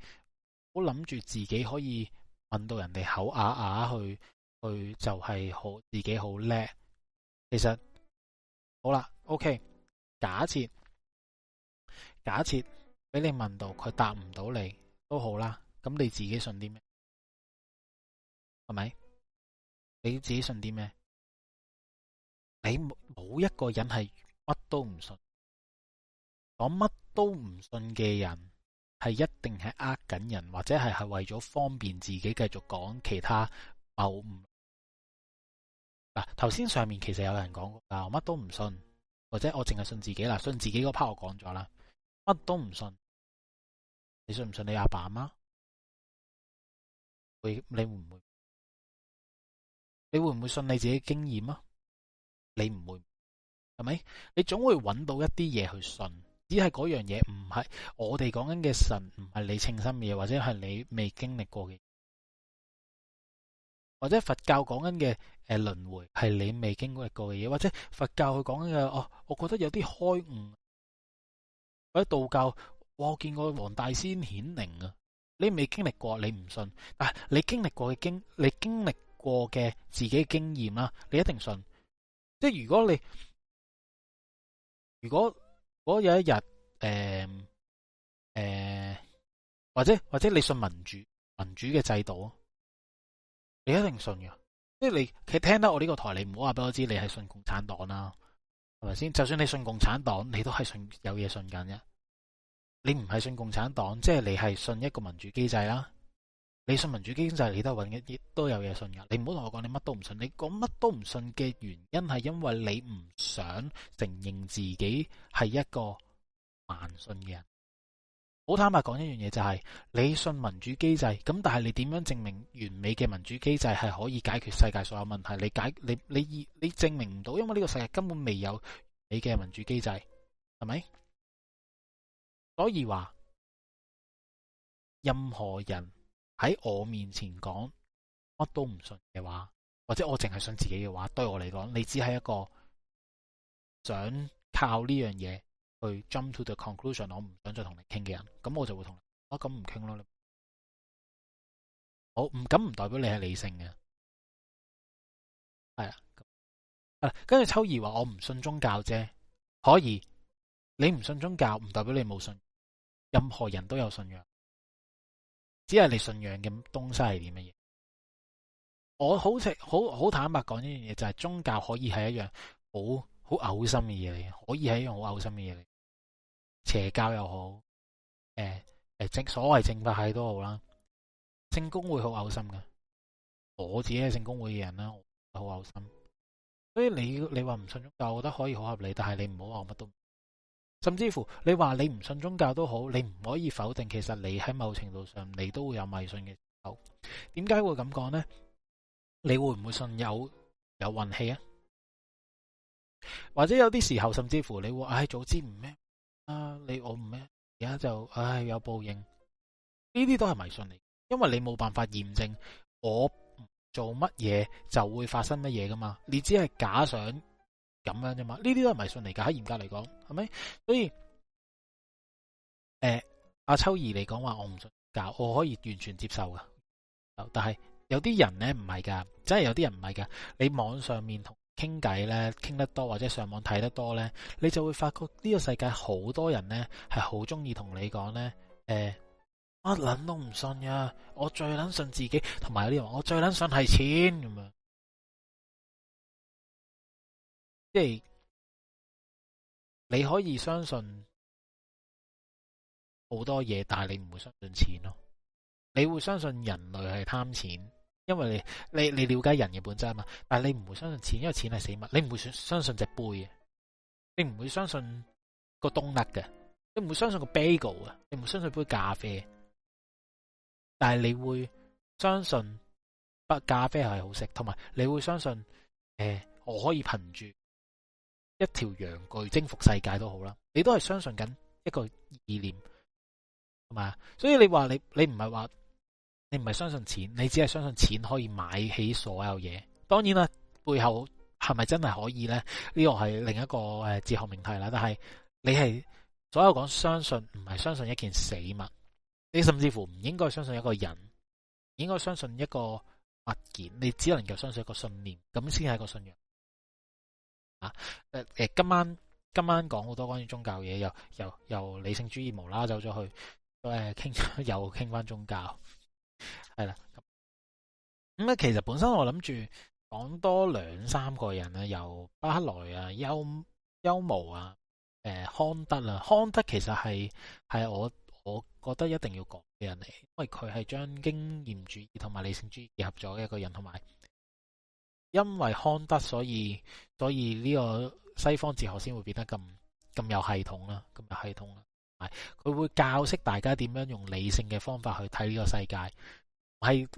好諗住自己可以問到人哋口啞啞去，去就係好自己好叻。其實好啦，OK，假設假設俾你問到佢答唔到你都好啦，咁你自己信啲咩？係咪？你自己信啲咩？你冇一個人係乜都唔信，講乜都唔信嘅人係一定係呃緊人，或者係係為咗方便自己繼續講其他謬誤嗱。頭先上面其實有人講過，我乜都唔信，或者我淨係信自己啦，信自己嗰 part 我講咗啦，乜都唔信。你信唔信你阿爸阿媽？會你會唔會？你會唔會信你自己的經驗啊？你唔會係咪？你總會揾到一啲嘢去信，只係嗰樣嘢唔係我哋講緊嘅神，唔係你稱心嘅嘢，或者係你未經歷過嘅，或者佛教講緊嘅誒輪迴係你未經歷過嘅嘢，或者佛教佢講緊嘅哦，我覺得有啲開悟或者道教，我見過黃大仙顯靈啊！你未經歷過，你唔信但啊？你經歷過嘅經，你經歷。過嘅自己經驗啦，你一定信。即係如果你如果嗰有一日誒誒或者或者你信民主民主嘅制度，你一定信噶。即係你佢聽得我呢個台，你唔好話俾我知你係信共產黨啦，係咪先？就算你信共產黨，你都係信有嘢信緊啫。你唔係信共產黨，即係你係信一個民主機制啦。你信民主機制，你都係搵一啲都有嘢信㗎。你唔好同我講你乜都唔信，你講乜都唔信嘅原因係因為你唔想承認自己係一個盲信嘅人。好坦白講、就是，一樣嘢就係你信民主機制，咁但係你點樣證明完美嘅民主機制係可以解決世界所有問題？你解你你你證明唔到，因為呢個世界根本未有你嘅民主機制，係咪？所以話任何人。喺我面前講乜都唔信嘅話，或者我淨係信自己嘅話，對我嚟講，你只係一個想靠呢樣嘢去 jump to the conclusion，我唔想再同你傾嘅人，咁我就會同你說啊，咁唔傾咯。你好唔咁唔代表你係理性嘅，係啊，跟住秋怡話我唔信宗教啫，可以，你唔信宗教唔代表你冇信，任何人都有信仰。只係你信仰嘅東西係點乜嘢？我好好好坦白講呢樣嘢，就係宗教可以係一樣好好嘔心嘅嘢嚟，可以係一樣好嘔心嘅嘢嚟。邪教又好，誒誒正所謂正法系都好啦，聖公會好嘔心㗎。我自己係聖公會嘅人啦，好嘔心。所以你你話唔信宗教，我覺得可以好合理，但係你唔好話乜都。甚至乎你話你唔信宗教都好，你唔可以否定，其實你喺某程度上你都會有迷信嘅時候。點解會咁講呢？你會唔會信有有運氣啊？或者有啲時候，甚至乎你會說，唉、哎，早知唔咩啊！你我唔咩，而家就唉、哎、有報應。呢啲都係迷信嚟，因為你冇辦法驗證，我做乜嘢就會發生乜嘢㗎嘛？你只係假想。咁樣啫嘛，呢啲都係迷信嚟噶，喺嚴格嚟講，係咪？所以，誒、呃，阿秋兒嚟講話，我唔信教，我可以完全接受噶。但係有啲人咧唔係噶，真係有啲人唔係噶。你網上面同傾偈咧，傾得多或者上網睇得多咧，你就會發覺呢個世界好多人咧係好中意同你講咧，誒、呃，乜捻都唔信噶、啊，我最捻信自己，同埋有啲人話我最捻信係錢咁樣。即係你可以相信好多嘢，但係你唔會相信錢咯。你會相信人類係貪錢，因為你你你了解人嘅本質啊嘛。但係你唔會相信錢，因為錢係死物。你唔會信相信隻杯，你唔會相信個冬甩嘅，你唔會相信個 bagel 你唔會相信杯咖啡。但係你會相信杯咖啡係好食，同埋你會相信誒、呃、我可以憑住。一條陽具征服世界都好啦，你都係相信緊一個意念，係咪啊？所以你話你你唔係話你唔係相信錢，你只係相信錢可以買起所有嘢。當然啦，背後係咪真係可以咧？呢個係另一個誒哲學命題啦。但係你係所有講相信，唔係相信一件死物，你甚至乎唔應該相信一個人，應該相信一個物件。你只能夠相信一個信念，咁先係一個信仰。誒誒，今晚今晚講好多關於宗教嘢，又又又理性主義無啦走咗去，誒傾又傾翻宗教，係啦。咁其實本身我諗住講多兩三個人由巴克萊啊、休謨啊、誒康德啊。康德其實係係我我覺得一定要講嘅人嚟，因為佢係將經驗主義同埋理性主義結合咗嘅一個人，同埋。因為康德，所以所以呢個西方哲學先會變得咁咁有系統啦，咁有系統啦。佢會教識大家點樣用理性嘅方法去睇呢個世界，係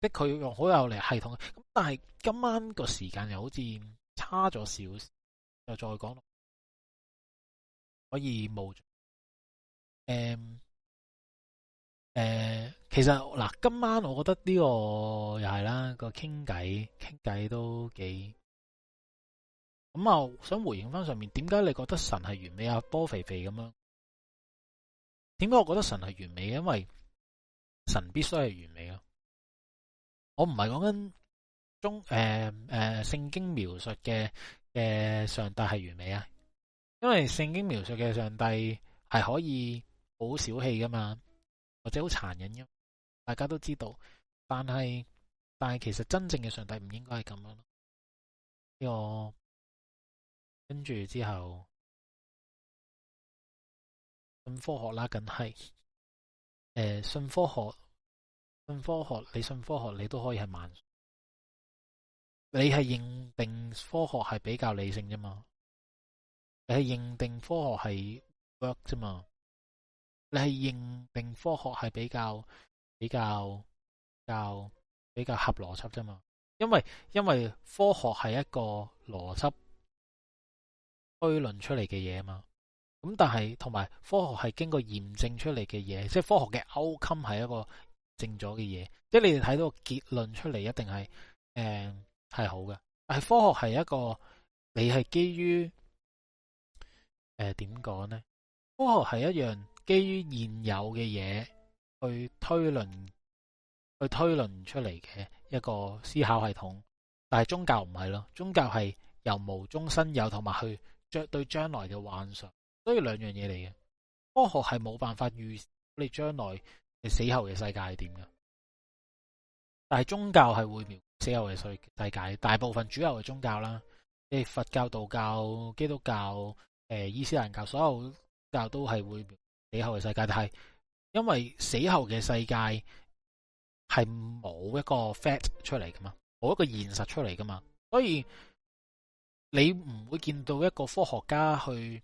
即佢用好有嚟系統。咁但係今晚個時間又好似差咗少少，就再講咯，可以冇誒。嗯誒、呃，其實嗱，今晚我覺得呢個又係啦，個傾偈傾偈都幾咁啊，我想回應翻上面，點解你覺得神係完美啊？波肥肥咁樣，點解我覺得神係完美？因為神必須係完美呀。我唔係講緊中誒誒、呃呃，聖經描述嘅嘅、呃、上帝係完美啊，因為聖經描述嘅上帝係可以好小氣噶嘛。或者好殘忍，大家都知道。但係但係，其實真正嘅上帝唔應該係咁樣咯。呢個跟住之後，信科學啦，梗係誒，信科學，信科學，你信科學，你都可以係萬，你係認定科學係比較理性啫嘛，你係認定科學係 work 啫嘛。你係認定科學係比較比較比較比較合邏輯啫嘛，因為因為科學係一個邏輯推論出嚟嘅嘢嘛。咁但係同埋科學係經過驗證出嚟嘅嘢，即係科學嘅勾襟係一個正咗嘅嘢。即係你哋睇到個結論出嚟一定係誒係好嘅。但係科學係一個你係基於誒點講咧？科學係一樣。基於現有嘅嘢去推論，去推論出嚟嘅一個思考系統，但係宗教唔係咯，宗教係由無中生有，同埋去將對將來嘅幻想，所以兩樣嘢嚟嘅。科學係冇辦法預示你將來你死後嘅世界係點噶，但係宗教係會描死後嘅世世界，大部分主流嘅宗教啦，即佛教、道教、基督教、誒、呃、伊斯蘭教，所有教都係會。死後嘅世界，但係因為死後嘅世界係冇一個 fact 出嚟噶嘛，冇一個現實出嚟噶嘛，所以你唔會見到一個科學家去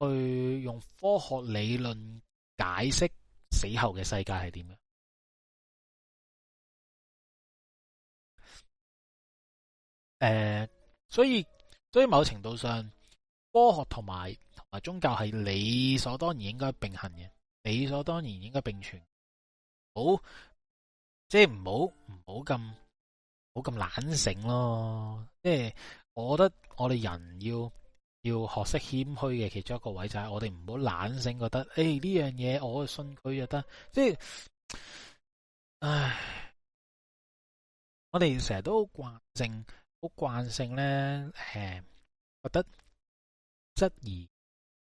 去用科學理論解釋死後嘅世界係點樣。誒、呃，所以所以某程度上，科學同埋，宗教係理所當然應該並行嘅，理所當然應該並存。好，即係唔好唔好咁，唔好咁懶性咯。即係我覺得我哋人要要學識謙虛嘅其中一個位就係我哋唔好懶性，覺得誒呢樣嘢我信佢就得。即係，唉，我哋成日都慣性，好慣性咧，誒覺得質疑。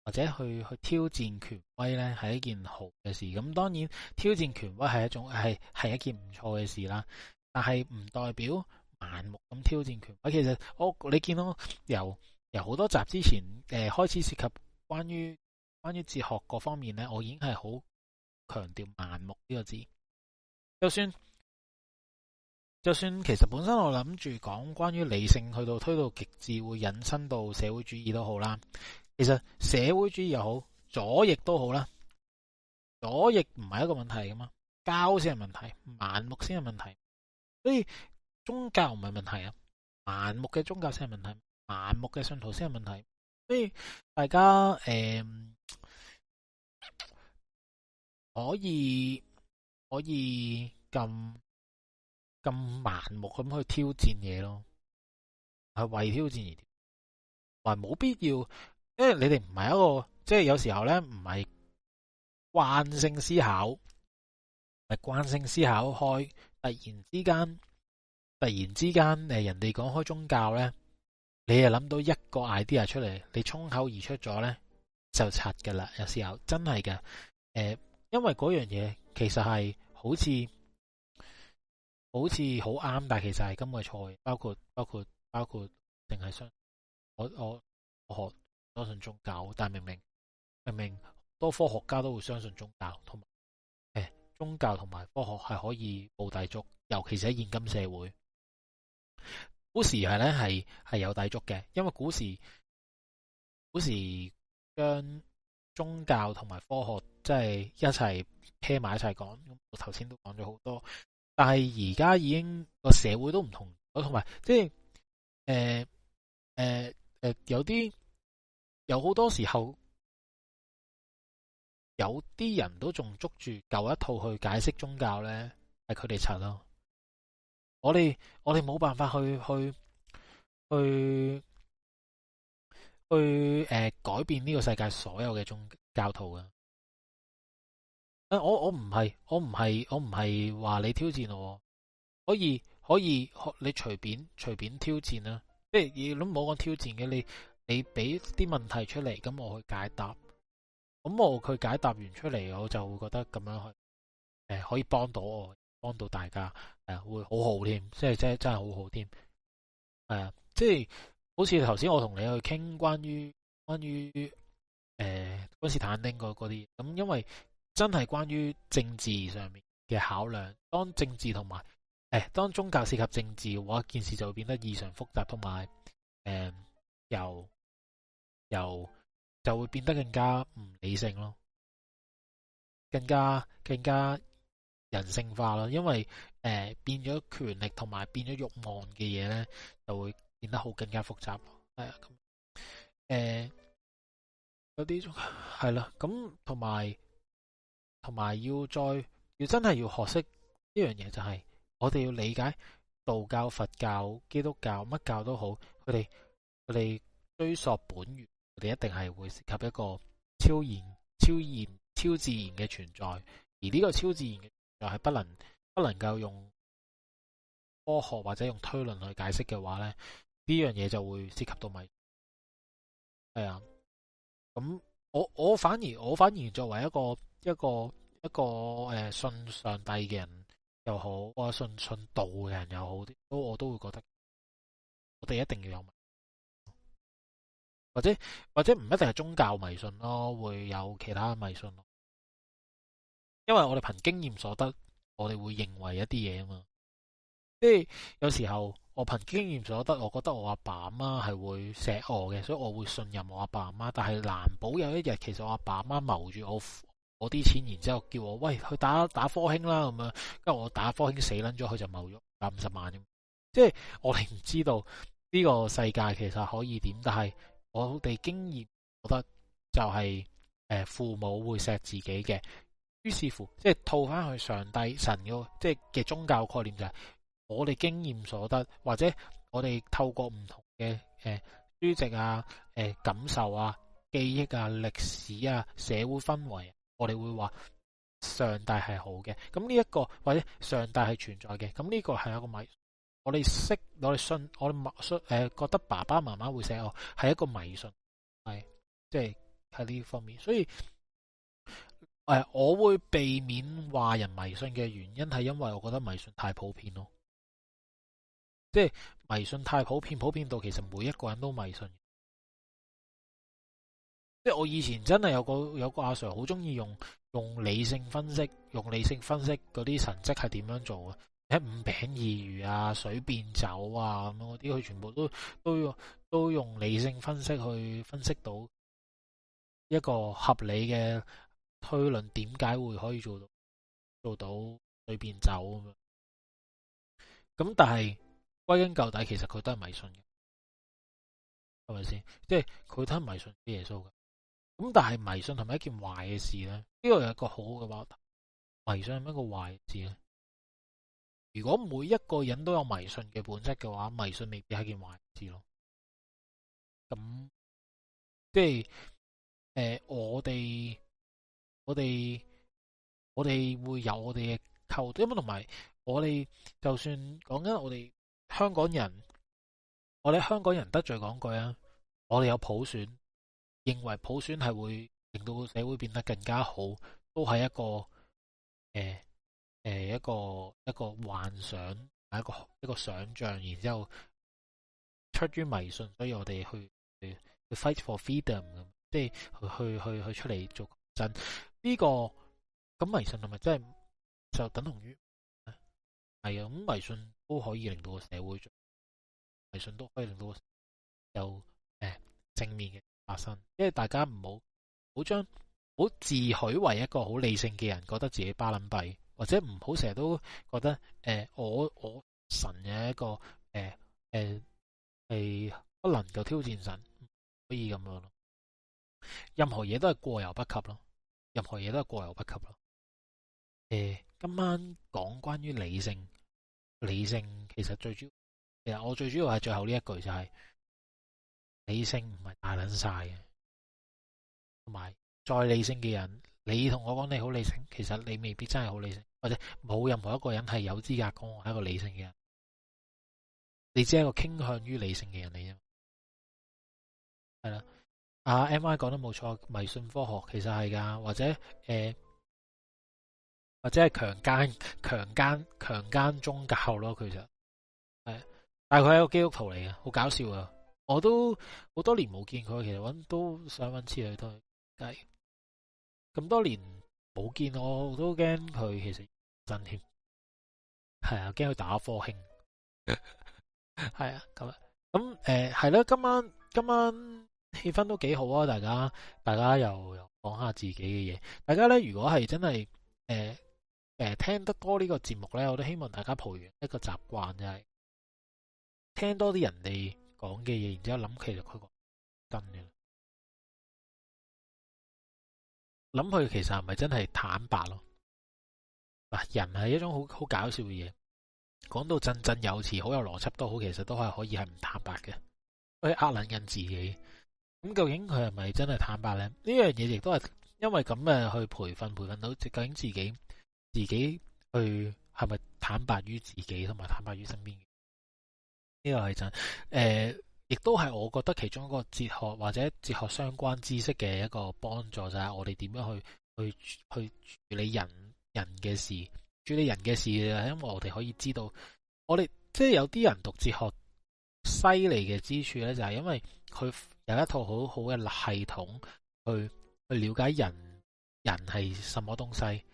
或者去去挑戰權威呢，係一件好嘅事。咁當然，挑戰權威係一種係係一件唔錯嘅事啦。但係唔代表盲目咁挑戰權威。其實我你見到由由好多集之前誒、呃、開始涉及關於關於哲學各方面呢，我已經係好強調盲目呢個字。就算就算其實本身我諗住講關於理性去到推到極致，會引申到社會主義都好啦。其實社會主義又好，左翼都好啦，左翼唔係一個問題噶嘛，教先係問題，盲目先係問題，所以宗教唔係問題啊，盲目嘅宗教先係問題，盲目嘅信徒先係問題，所以大家誒、呃、可以可以咁咁盲目咁去挑戰嘢咯，係為挑戰而挑，係冇必要。因為你哋唔係一個，即係有時候咧，唔係慣性思考，係慣性思考開，突然之間，突然之間，誒，人哋講開宗教咧，你又諗到一個 idea 出嚟，你衝口而出咗咧，就柒噶啦。有時候真係嘅，誒、呃，因為樣嘢其實係好似好似好啱，但係其實係根本係錯嘅，包括包括包括，定係相我我我學。我相信宗教，但明明明明很多科學家都會相信宗教，同誒宗教同埋科學係可以冇抵觸，尤其是喺現今社會。古時係咧係係有抵觸嘅，因為古時古時將宗教同埋科學即係一齊 pair 埋一齊講。咁我頭先都講咗好多，但係而家已經個社會都唔同，同埋即係誒誒誒，誒有啲。有好多時候，有啲人都仲捉住舊一套去解釋宗教咧，係佢哋拆咯。我哋我哋冇辦法去去去去誒、呃、改變呢個世界所有嘅宗教徒㗎。誒、啊，我我唔係，我唔係，我唔係話你挑戰我，可以可以學你隨便隨便挑戰啦，即係你諗冇個挑戰嘅你。你俾啲問題出嚟，咁我去解答，咁我佢解答完出嚟，我就會覺得咁樣去，誒、呃、可以幫到我，幫到大家，誒、呃、會好好添，即係真真係好好添，呃，即係好似頭先我同你去傾關於關於誒君士坦丁嗰啲，咁，嗯，因為真係關於政治上面嘅考量，當政治同埋誒當宗教涉及政治嘅話，件事就會變得異常複雜，同埋誒由。又就會變得更加唔理性咯，更加更加人性化咯，因為誒、呃、變咗權力同埋變咗欲望嘅嘢咧，就會變得好更加複雜。係、哎、啊、咁、呃、誒有啲係、嗯、啦，咁同埋同埋要再要真係要學識呢樣嘢，就係我哋要理解道教、佛教、基督教乜教都好，佢哋佢哋追溯本源。我哋一定係會涉及一個超然、超然、超自然嘅存在，而呢個超自然嘅就係不能不能夠用科學或者用推論去解釋嘅話咧，呢樣嘢就會涉及到迷係啊，咁我我反而我反而作為一個一個一個誒、呃、信上帝嘅人又好，我信信道嘅人又好，啲都我都會覺得，我哋一定要有迷。或者或者唔一定係宗教迷信咯，會有其他嘅迷信咯。因為我哋憑經驗所得，我哋會認為一啲嘢啊嘛，即係有時候我憑經驗所得，我覺得我阿爸阿媽係會錫我嘅，所以我會信任我阿爸阿媽。但係難保有一日，其實我阿爸阿媽謀住我我啲錢，然之後叫我喂去打打科興啦，咁樣。跟住我打科興死捻咗，佢就謀咗五十萬。即係我哋唔知道呢個世界其實可以點，但係。我哋經驗覺得就係、是、誒父母會錫自己嘅，於是乎即係套翻去上帝神嘅即係嘅宗教概念就係、是、我哋經驗所得，或者我哋透過唔同嘅誒書籍啊、誒、呃、感受啊、記憶啊、歷史啊、社會氛圍，我哋會話上帝係好嘅，咁呢一個或者上帝係存在嘅，咁呢個係一個我哋識，我哋信，我哋默信，誒，覺得爸爸媽媽會寫我，係一個迷信，係，即係喺呢方面，所以，誒，我會避免話人迷信嘅原因係因為我覺得迷信太普遍咯，即係迷信太普遍，普遍到其實每一個人都迷信，即係我以前真係有個有個阿 sir 好中意用用理性分析，用理性分析嗰啲神跡係點樣做啊。一五餅二魚啊，水變酒啊，咁嗰啲，佢全部都都要都用理性分析去分析到一個合理嘅推論，點解會可以做到做到水變酒啊？咁？咁但係歸根究底，其實佢都係迷信嘅，係咪先？即係佢睇迷信耶穌嘅。咁但係迷信係咪一件壞嘅事咧？呢個有一個好嘅話，迷信係咪一個壞事咧？如果每一個人都有迷信嘅本質嘅話，迷信未必係件壞事咯。咁即係誒，我哋我哋我哋會我們的有我哋嘅球隊，同埋我哋就算講緊我哋香港人，我哋香港人得罪講句啊，我哋有普選，認為普選係會令到社會變得更加好，都係一個誒。呃誒，一個一個幻想，一個一個想象，然之後出於迷信，所以我哋去去，去 fight for freedom 咁，即係去去去出嚟做真呢、這個。咁迷信係咪真係就等同於係啊？咁迷信都可以令到個社會，迷信都可以令到有誒正面嘅發生。因為大家唔好好將好自詡為一個好理性嘅人，覺得自己巴撚閉。或者唔好成日都覺得誒、呃、我我神嘅一個誒誒係不能夠挑戰神，可以咁樣咯。任何嘢都係過猶不及咯，任何嘢都係過猶不及咯。誒、呃，今晚講關於理性，理性其實最主要其實我最主要係最後呢一句就係、是、理性唔係大撚晒嘅，同埋再理性嘅人。你同我講你好理性，其實你未必真係好理性，或者冇任何一個人係有資格講我係一個理性嘅人，你只係一個傾向於理性嘅人嚟啫。係啦，阿 M I 講得冇錯，迷信科學其實係噶，或者誒、呃，或者係強姦、強姦、強姦宗教咯，其實係，但係佢係一個基督徒嚟嘅，好搞笑啊！我都好多年冇見佢，其實搵都想搵次去傾偈。咁多年冇見我，我都驚佢其實真添，係啊，驚佢打科興，係啊， [LAUGHS] 咁咁誒，係啦、呃，今晚今晚氣氛都幾好啊，大家大家又又講下自己嘅嘢，大家咧如果係真係誒誒聽得多呢個節目咧，我都希望大家培養一個習慣，就係、是、聽多啲人哋講嘅嘢，然之後諗其實佢真嘅。諗佢其實係咪真係坦白咯？嗱，人係一種好好搞笑嘅嘢，講到振振有詞，好有邏輯都好，其實都係可以係唔坦白嘅，去呃緊自己。咁究竟佢係咪真係坦白咧？呢樣嘢亦都係因為咁嘅去培訓培訓到，究竟自己自己去係咪坦白於自己，同埋坦白於身邊的？呢、呢個係真誒。呃亦都係我覺得其中一個哲學或者哲學相關知識嘅一個幫助就係我哋點樣去去去處理人人嘅事，處理人嘅事，因為我哋可以知道，我哋即係有啲人讀哲學犀利嘅之處咧，就係因為佢有一套好好嘅系統去去了解人人係什麼東西，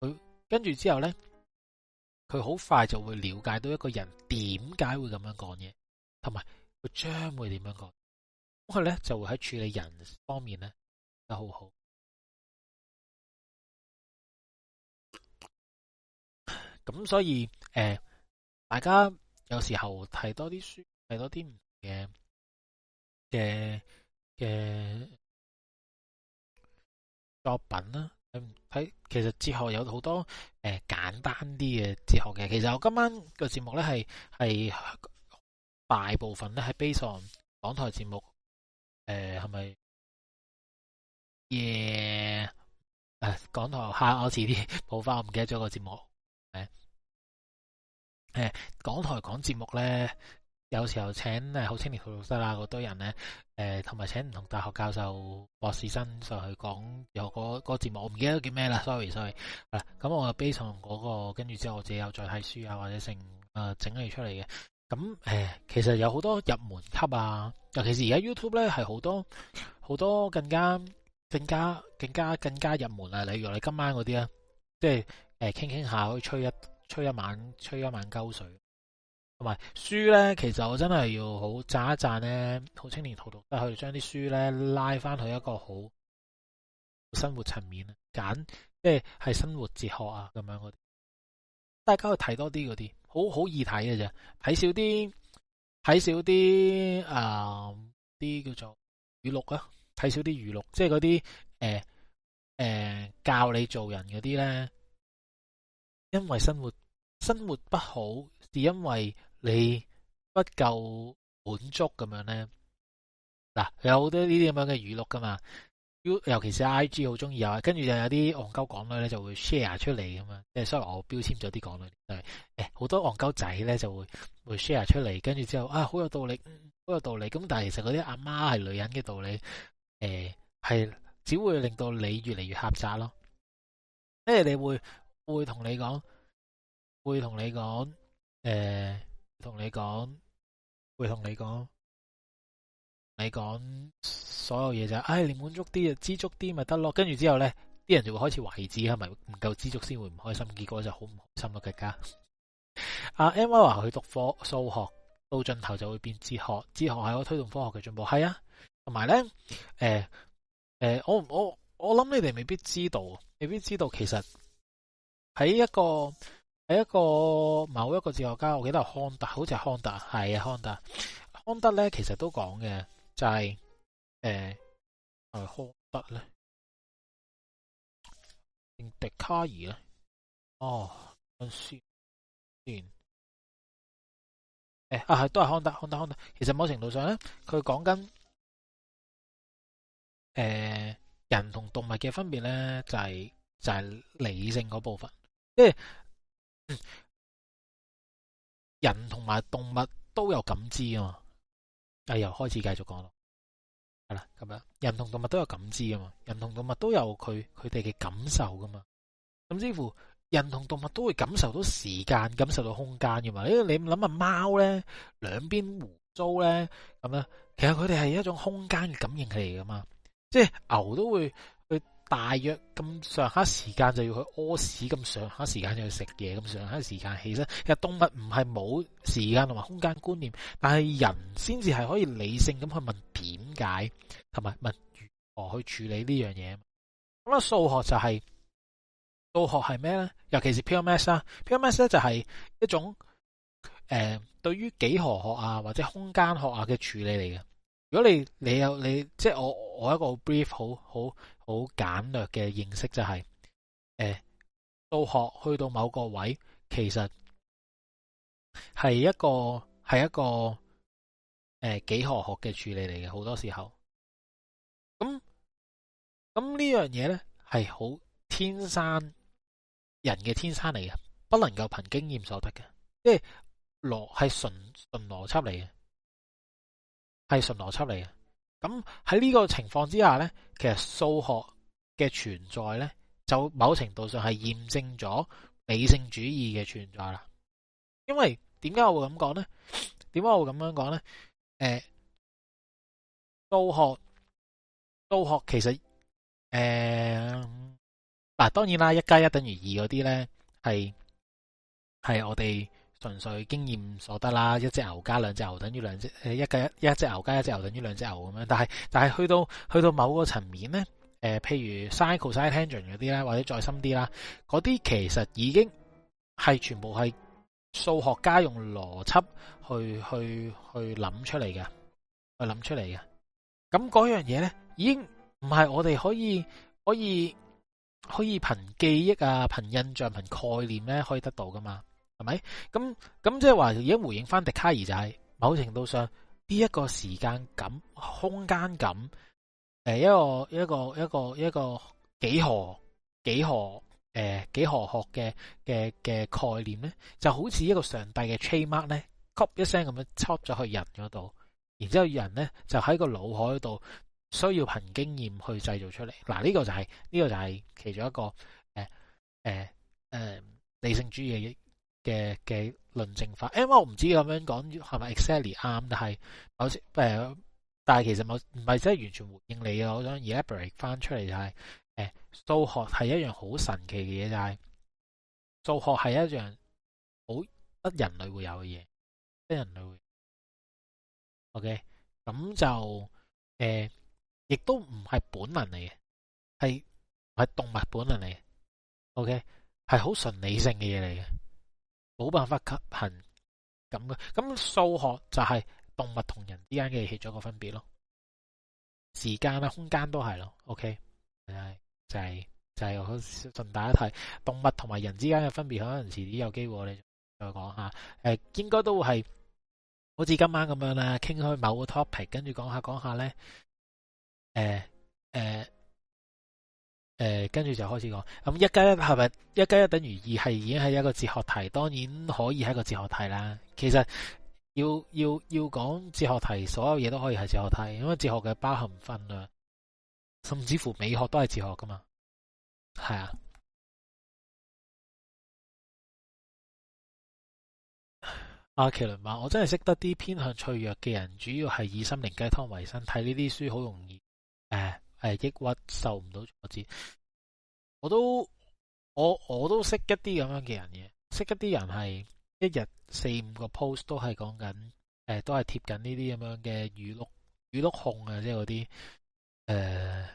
佢跟住之後咧，佢好快就會了解到一個人點解會咁樣講嘢，同埋。佢將會點樣講？佢咧就會喺處理人方面咧得好好。咁所以誒、呃，大家有時候睇多啲書，睇多啲唔嘅嘅嘅作品啦。睇其實哲學有好多誒、呃、簡單啲嘅哲學嘅。其實我今晚個節目咧係係。大部分咧喺 base 上港台節目誒係咪？誒、呃 yeah 啊、港台下 Hi, 我遲啲補翻， [LAUGHS] 我唔記得咗個節目誒、哎啊。港台講節目咧，有時候請誒好青年陶老師啦，好多人咧誒，同埋請唔同大學教授、博士生上去講，有、那個那個節目我唔記得咗叫咩啦，sorry sorry。咁、啊嗯、我 base 上嗰、那個，跟住之後我自己有再睇書啊，或者成誒、啊、整理出嚟嘅。咁誒，其實有好多入門級啊，尤其是而家 YouTube 咧，係好多好多更加更加更加更加入門啊。例如你今晚嗰啲啊，即係誒，傾傾下可以吹一吹一晚，吹一晚鳩水。同埋書咧，其實我真係要好讚一讚咧，好青年荼毒室，去將啲書咧拉返去一個好生活層面啊，揀即係係生活哲學啊，咁樣嗰啲，大家去睇多啲嗰啲。好好易睇嘅啫，睇少啲，睇少啲，誒、嗯，啲叫做語錄啊，睇少啲語錄，即係嗰啲誒誒教你做人嗰啲咧，因為生活生活不好，是因為你不夠滿足咁樣咧。嗱，有好多呢啲咁樣嘅語錄噶嘛。尤其是 IG 好中意啊，跟住就有啲憨鳩港女咧就會 share 出嚟咁樣，即係所以我標籤咗啲港女，誒，好多憨鳩仔咧就會會 share 出嚟，跟住之後啊，好有道理，好有道理，咁但係其實嗰啲阿媽係女人嘅道理，誒、呃，係只會令到你越嚟越狹窄咯，係、哎、你會會同你講，會同你講，誒，同你講，會同你講。呃會跟你你講所有嘢，就，唉、哎，你滿足啲啊，知足啲咪得咯。跟住之後咧，啲人就會開始懷疑，知係咪唔夠知足先會唔開心？結果就好唔開心咯。極家阿、啊、Emma 話佢讀科數學到盡頭就會變哲學，哲學係可推動科學嘅進步。係啊，同埋咧，誒、欸，誒、欸，我我我諗你哋未必知道，未必知道，其實喺一個喺一個某一個哲學家，我記得康德，好似係康德，係啊，康德，康德咧其實都講嘅。就係、是、誒、欸、康德咧，笛卡爾咧？哦，算算誒啊，係都係康德，康德，康德。其實某程度上咧，佢講緊誒人同動物嘅分別咧，就係、是、就係、是、理性嗰部分，即係、欸、人同埋動物都有感知啊嘛。啊！又開始繼續講咯，係啦，咁樣人同動物都有感知噶嘛，人同動物都有佢佢哋嘅感受噶嘛，咁似乎人同動物都會感受到時間、感受到空間噶嘛，因為你諗下貓咧，兩邊胡糟咧咁啦，其實佢哋係一種空間嘅感應器嚟噶嘛，即係牛都會。大約咁上下時間就要去屙屎，咁上下時間就要食嘢，咁上下時間起身。其實動物唔係冇時間同埋空間觀念，但係人先至係可以理性咁去問點解，同埋問如何去處理呢樣嘢。咁啊，數學就係、是、數學係咩咧？尤其是 PMS 啊，PMS 咧就係一種誒、呃，對於幾何學啊或者空間學啊嘅處理嚟嘅。如果你你有你即係我我一個好 brief 好好。好簡略嘅認識就係、是，誒、哎，數學去到某個位，其實係一個係一個誒、哎、幾何學嘅處理嚟嘅，好多時候，咁咁呢樣嘢咧係好天生人嘅天生嚟嘅，不能夠憑經驗所得嘅，即係邏，係純純邏輯嚟嘅，係純邏輯嚟嘅。咁喺呢個情況之下咧，其實數學嘅存在咧，就某程度上係驗證咗理性主義嘅存在啦。因為點解我會咁講咧？點解我會咁樣講咧？誒，數學，數學其實誒，嗱，當然啦，一加一等於二嗰啲咧，係係我哋。純粹經驗所得啦，一隻牛加兩隻牛等於兩隻，誒，一隻一隻牛加一隻牛等於兩隻牛咁樣。但係但係去到去到某個層面咧，誒、呃，譬如 cycle cylindrical 嗰啲啦，或者再深啲啦，嗰啲其實已經係全部係數學家用邏輯去去去諗出嚟嘅，去諗出嚟嘅。咁嗰樣嘢咧，已經唔係我哋可以可以可以憑記憶啊，憑印象，憑概念咧，可以得到噶嘛係咪？咁咁即係話已經回應翻迪卡爾就係，某程度上呢一個時間感、空間感，誒一個一個一個一個幾何幾何誒、欸、幾何學嘅嘅嘅概念咧，就好似一個上帝嘅 trademark 咧，吸一聲咁樣插咗去人嗰度，然之後人咧就喺個腦海度需要憑經驗去製造出嚟。嗱呢個就係呢個就係其中一個誒誒誒理性主義嘅。嘅嘅論證法，誒，我唔知咁樣講係咪 exactly 啱、right，呃，但係某誒，但係其實某唔係真係完全回應你嘅，我想 elaborate 翻出嚟就係誒數學係一樣好神奇嘅嘢，就係、是、數學係一樣好得人類會有嘅嘢，得人類會有的 OK，咁就誒、呃、亦都唔係本能嚟嘅，係係動物本能嚟嘅，OK，係好純理性嘅嘢嚟嘅。冇辦法吸行，咁嘅，咁數學就係動物同人之間嘅其中一個分別咯，時間啦、空間都係咯。OK，就係、是、就係好順帶一提，動物同埋人之間嘅分別，可能遲啲有機會我哋再講下，誒、呃，應該都係好似今晚咁樣咧，傾開某個 topic，跟住講下講下咧，誒誒。呃呃誒，跟住、呃、就開始講，咁一加一係咪一加一等於二係已經係一個哲學題？當然可以係一個哲學題啦。其實要要要講哲學題，所有嘢都可以係哲學題，因為哲學嘅包含分量，甚至乎美學都係哲學噶嘛。係啊，阿、啊、麒麟話，我真係識得啲偏向脆弱嘅人，主要係以心靈雞湯為生，睇呢啲書好容易誒。哎係抑鬱，受唔到挫折，我都我我都識一啲咁樣嘅人嘅，識一啲人係一日四五個 post 都係講緊，誒、呃、都係貼緊呢啲咁樣嘅語錄，語錄控啊，即係嗰啲誒，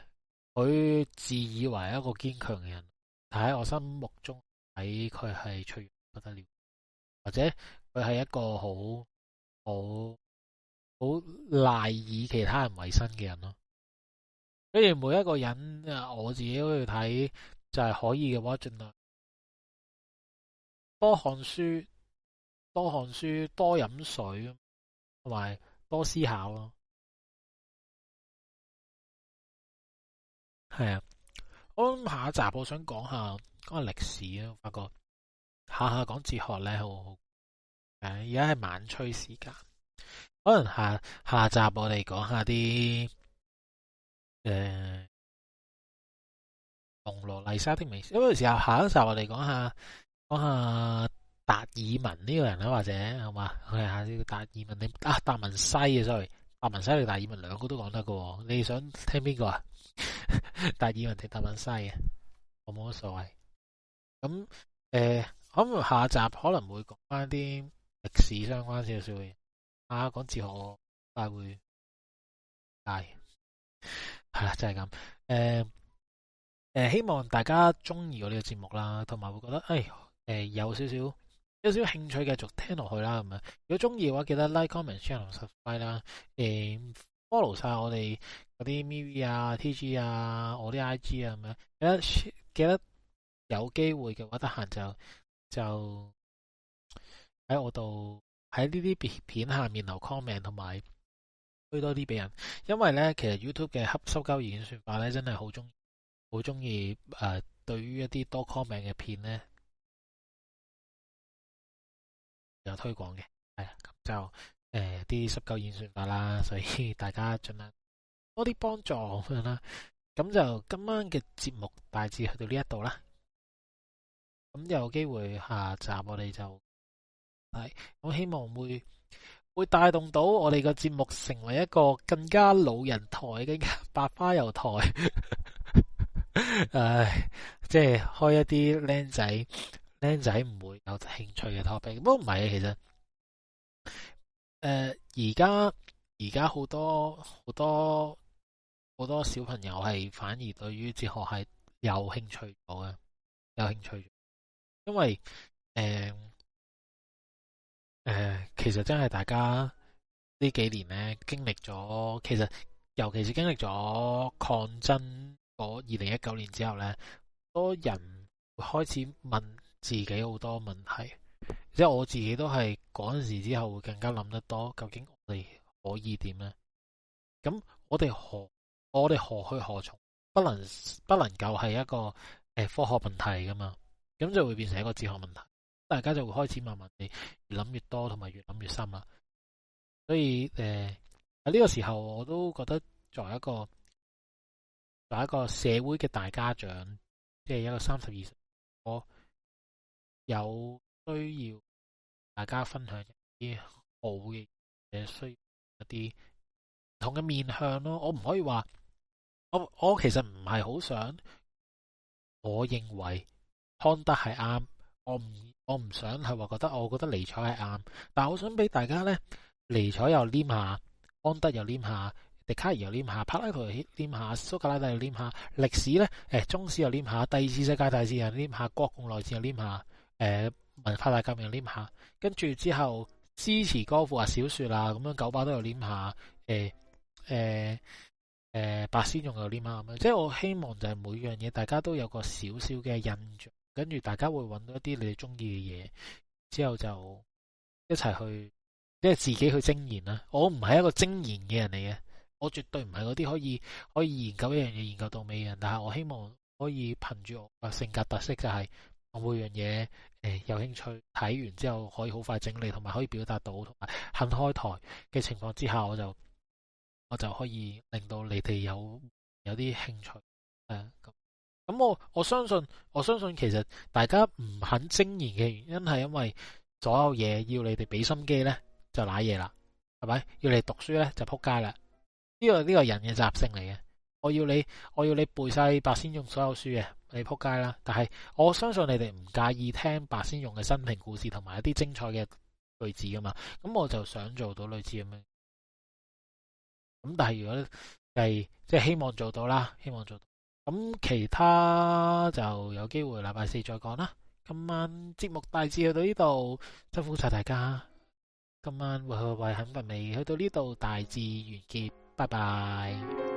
佢、呃、自以為一個堅強嘅人，但喺我心目中睇佢係脆弱不得了，或者佢係一個好好好賴以其他人為生嘅人咯。所以每一個人啊，我自己都要睇，就係可以嘅話，盡量多看書，多看書，多飲水，同埋多思考咯。係啊，我諗下一集，我想講下講下歷史啊，我發覺下下講哲學咧，好誒，而家係晚吹時間，可能下下集我哋講下啲。誒，紅羅麗莎的美食。到時候下一集我哋講下講下達爾文呢個人啦，或者，好嘛？嗯啊啊啊 [LAUGHS] 啊？我哋下呢個達爾文，你啊達文西嘅 sorry，達文西定達爾文兩個都講得喎。你想聽邊個啊？達爾文定達文西嘅，我冇乜所謂。咁誒，咁下集可能會講翻啲歷史相關少少嘢，啊講哲學會大。係啦，真係咁。誒、呃、誒、呃，希望大家中意我呢個節目啦，同埋會覺得誒誒、呃、有少少有少少興趣嘅，繼續聽落去啦。咁啊，如果中意嘅話，記得 like comment share 同 subscribe 啦。誒，follow 晒我哋嗰啲 miu 啊、tg 啊、我啲 ig 啊咁樣。記得記得有機會嘅話，得閒就就喺我度喺呢啲片下面留 comment 同埋，推多啲俾人，因為咧其實 YouTube 嘅黑濕鳩演算法咧，真係好鍾意，好鍾意，誒，對於一啲多 comment 嘅片咧有推廣嘅。係啊，咁就誒啲濕鳩演算法啦，所以大家盡量多啲幫助咁樣啦。咁就今晚嘅節目大致去到呢一度啦，咁有機會下集我哋就係，我希望會。會帶動到我哋個節目成為一個更加老人台嘅百花油台，唉、 [LAUGHS] 哎，即、就、係、是、開一啲僆仔僆仔唔會有興趣嘅 topic，不過唔係啊，其實誒，而家而家好多好多好多小朋友係反而對於哲學係有興趣咗嘅，有興趣，因為誒。呃誒、呃，其實真係大家呢幾年咧，經歷咗，其實尤其是經歷咗抗爭嗰二零一九年之後咧，多人會開始問自己好多問題，即係我自己都係嗰陣時之後會更加諗得多，究竟我哋可以點咧？咁我哋何我哋何去何從？不能不能夠係一個誒科學問題噶嘛？咁就會變成一個哲學問題。大家就會開始慢慢地越諗越多，同埋越諗越深啦。所以誒喺呢個時候，我都覺得作為一個作為一個社會嘅大家長，即係一個三十二歲，我有需要大家分享一啲好嘅嘢，需要一啲唔同嘅面向咯。我唔可以話我我，其實唔係好想，我認為康德係啱。我唔，我唔想係話覺得，我覺得尼采係啱，但係我想俾大家咧，尼采又黏下，安德又黏下，笛卡爾又黏下，柏拉圖又黏下，蘇格拉底又黏下，歷史咧，誒，中史又黏下，第二次世界大戰又黏下，國共內戰又黏下，誒，文化大革命又黏下，跟住之後詩詞歌賦啊，小說啊，咁樣九百都有黏下，誒，誒，誒，白先勇又黏下，咁即係我希望就係每樣嘢，大家都有個少少嘅印象。跟住大家會揾到一啲你哋中意嘅嘢，之後就一齊去，即係自己去精研啦。我唔係一個精研嘅人嚟嘅，我絕對唔係嗰啲可以可以研究一樣嘢研究到尾嘅人。但係我希望可以憑住我性格特色，就是，就係我每樣嘢誒、呃、有興趣，睇完之後可以好快整理，同埋可以表達到，同埋肯開台嘅情況之下，我就我就可以令到你哋有有啲興趣。誒、啊、咁。咁我我相信，我相信其實大家唔肯精言嘅原因係因為所有嘢，要你哋俾心機咧就賴嘢啦，係咪？要你讀書咧就撲街啦。呢、呢個呢、呢個人嘅習性嚟嘅。我要你，我要你背晒白先勇所有書嘅，你撲街啦。但係我相信你哋唔介意聽白先勇嘅生平故事同埋一啲精彩嘅句子㗎嘛。咁我就想做到類似咁樣。咁但係如果係即係希望做到啦，希望做到。咁其他就有機會禮拜四再講啦。今晚節目大致去到呢度，辛苦晒大家。今晚《喂喂喂肯瞓未》去到呢度大致完結，拜拜。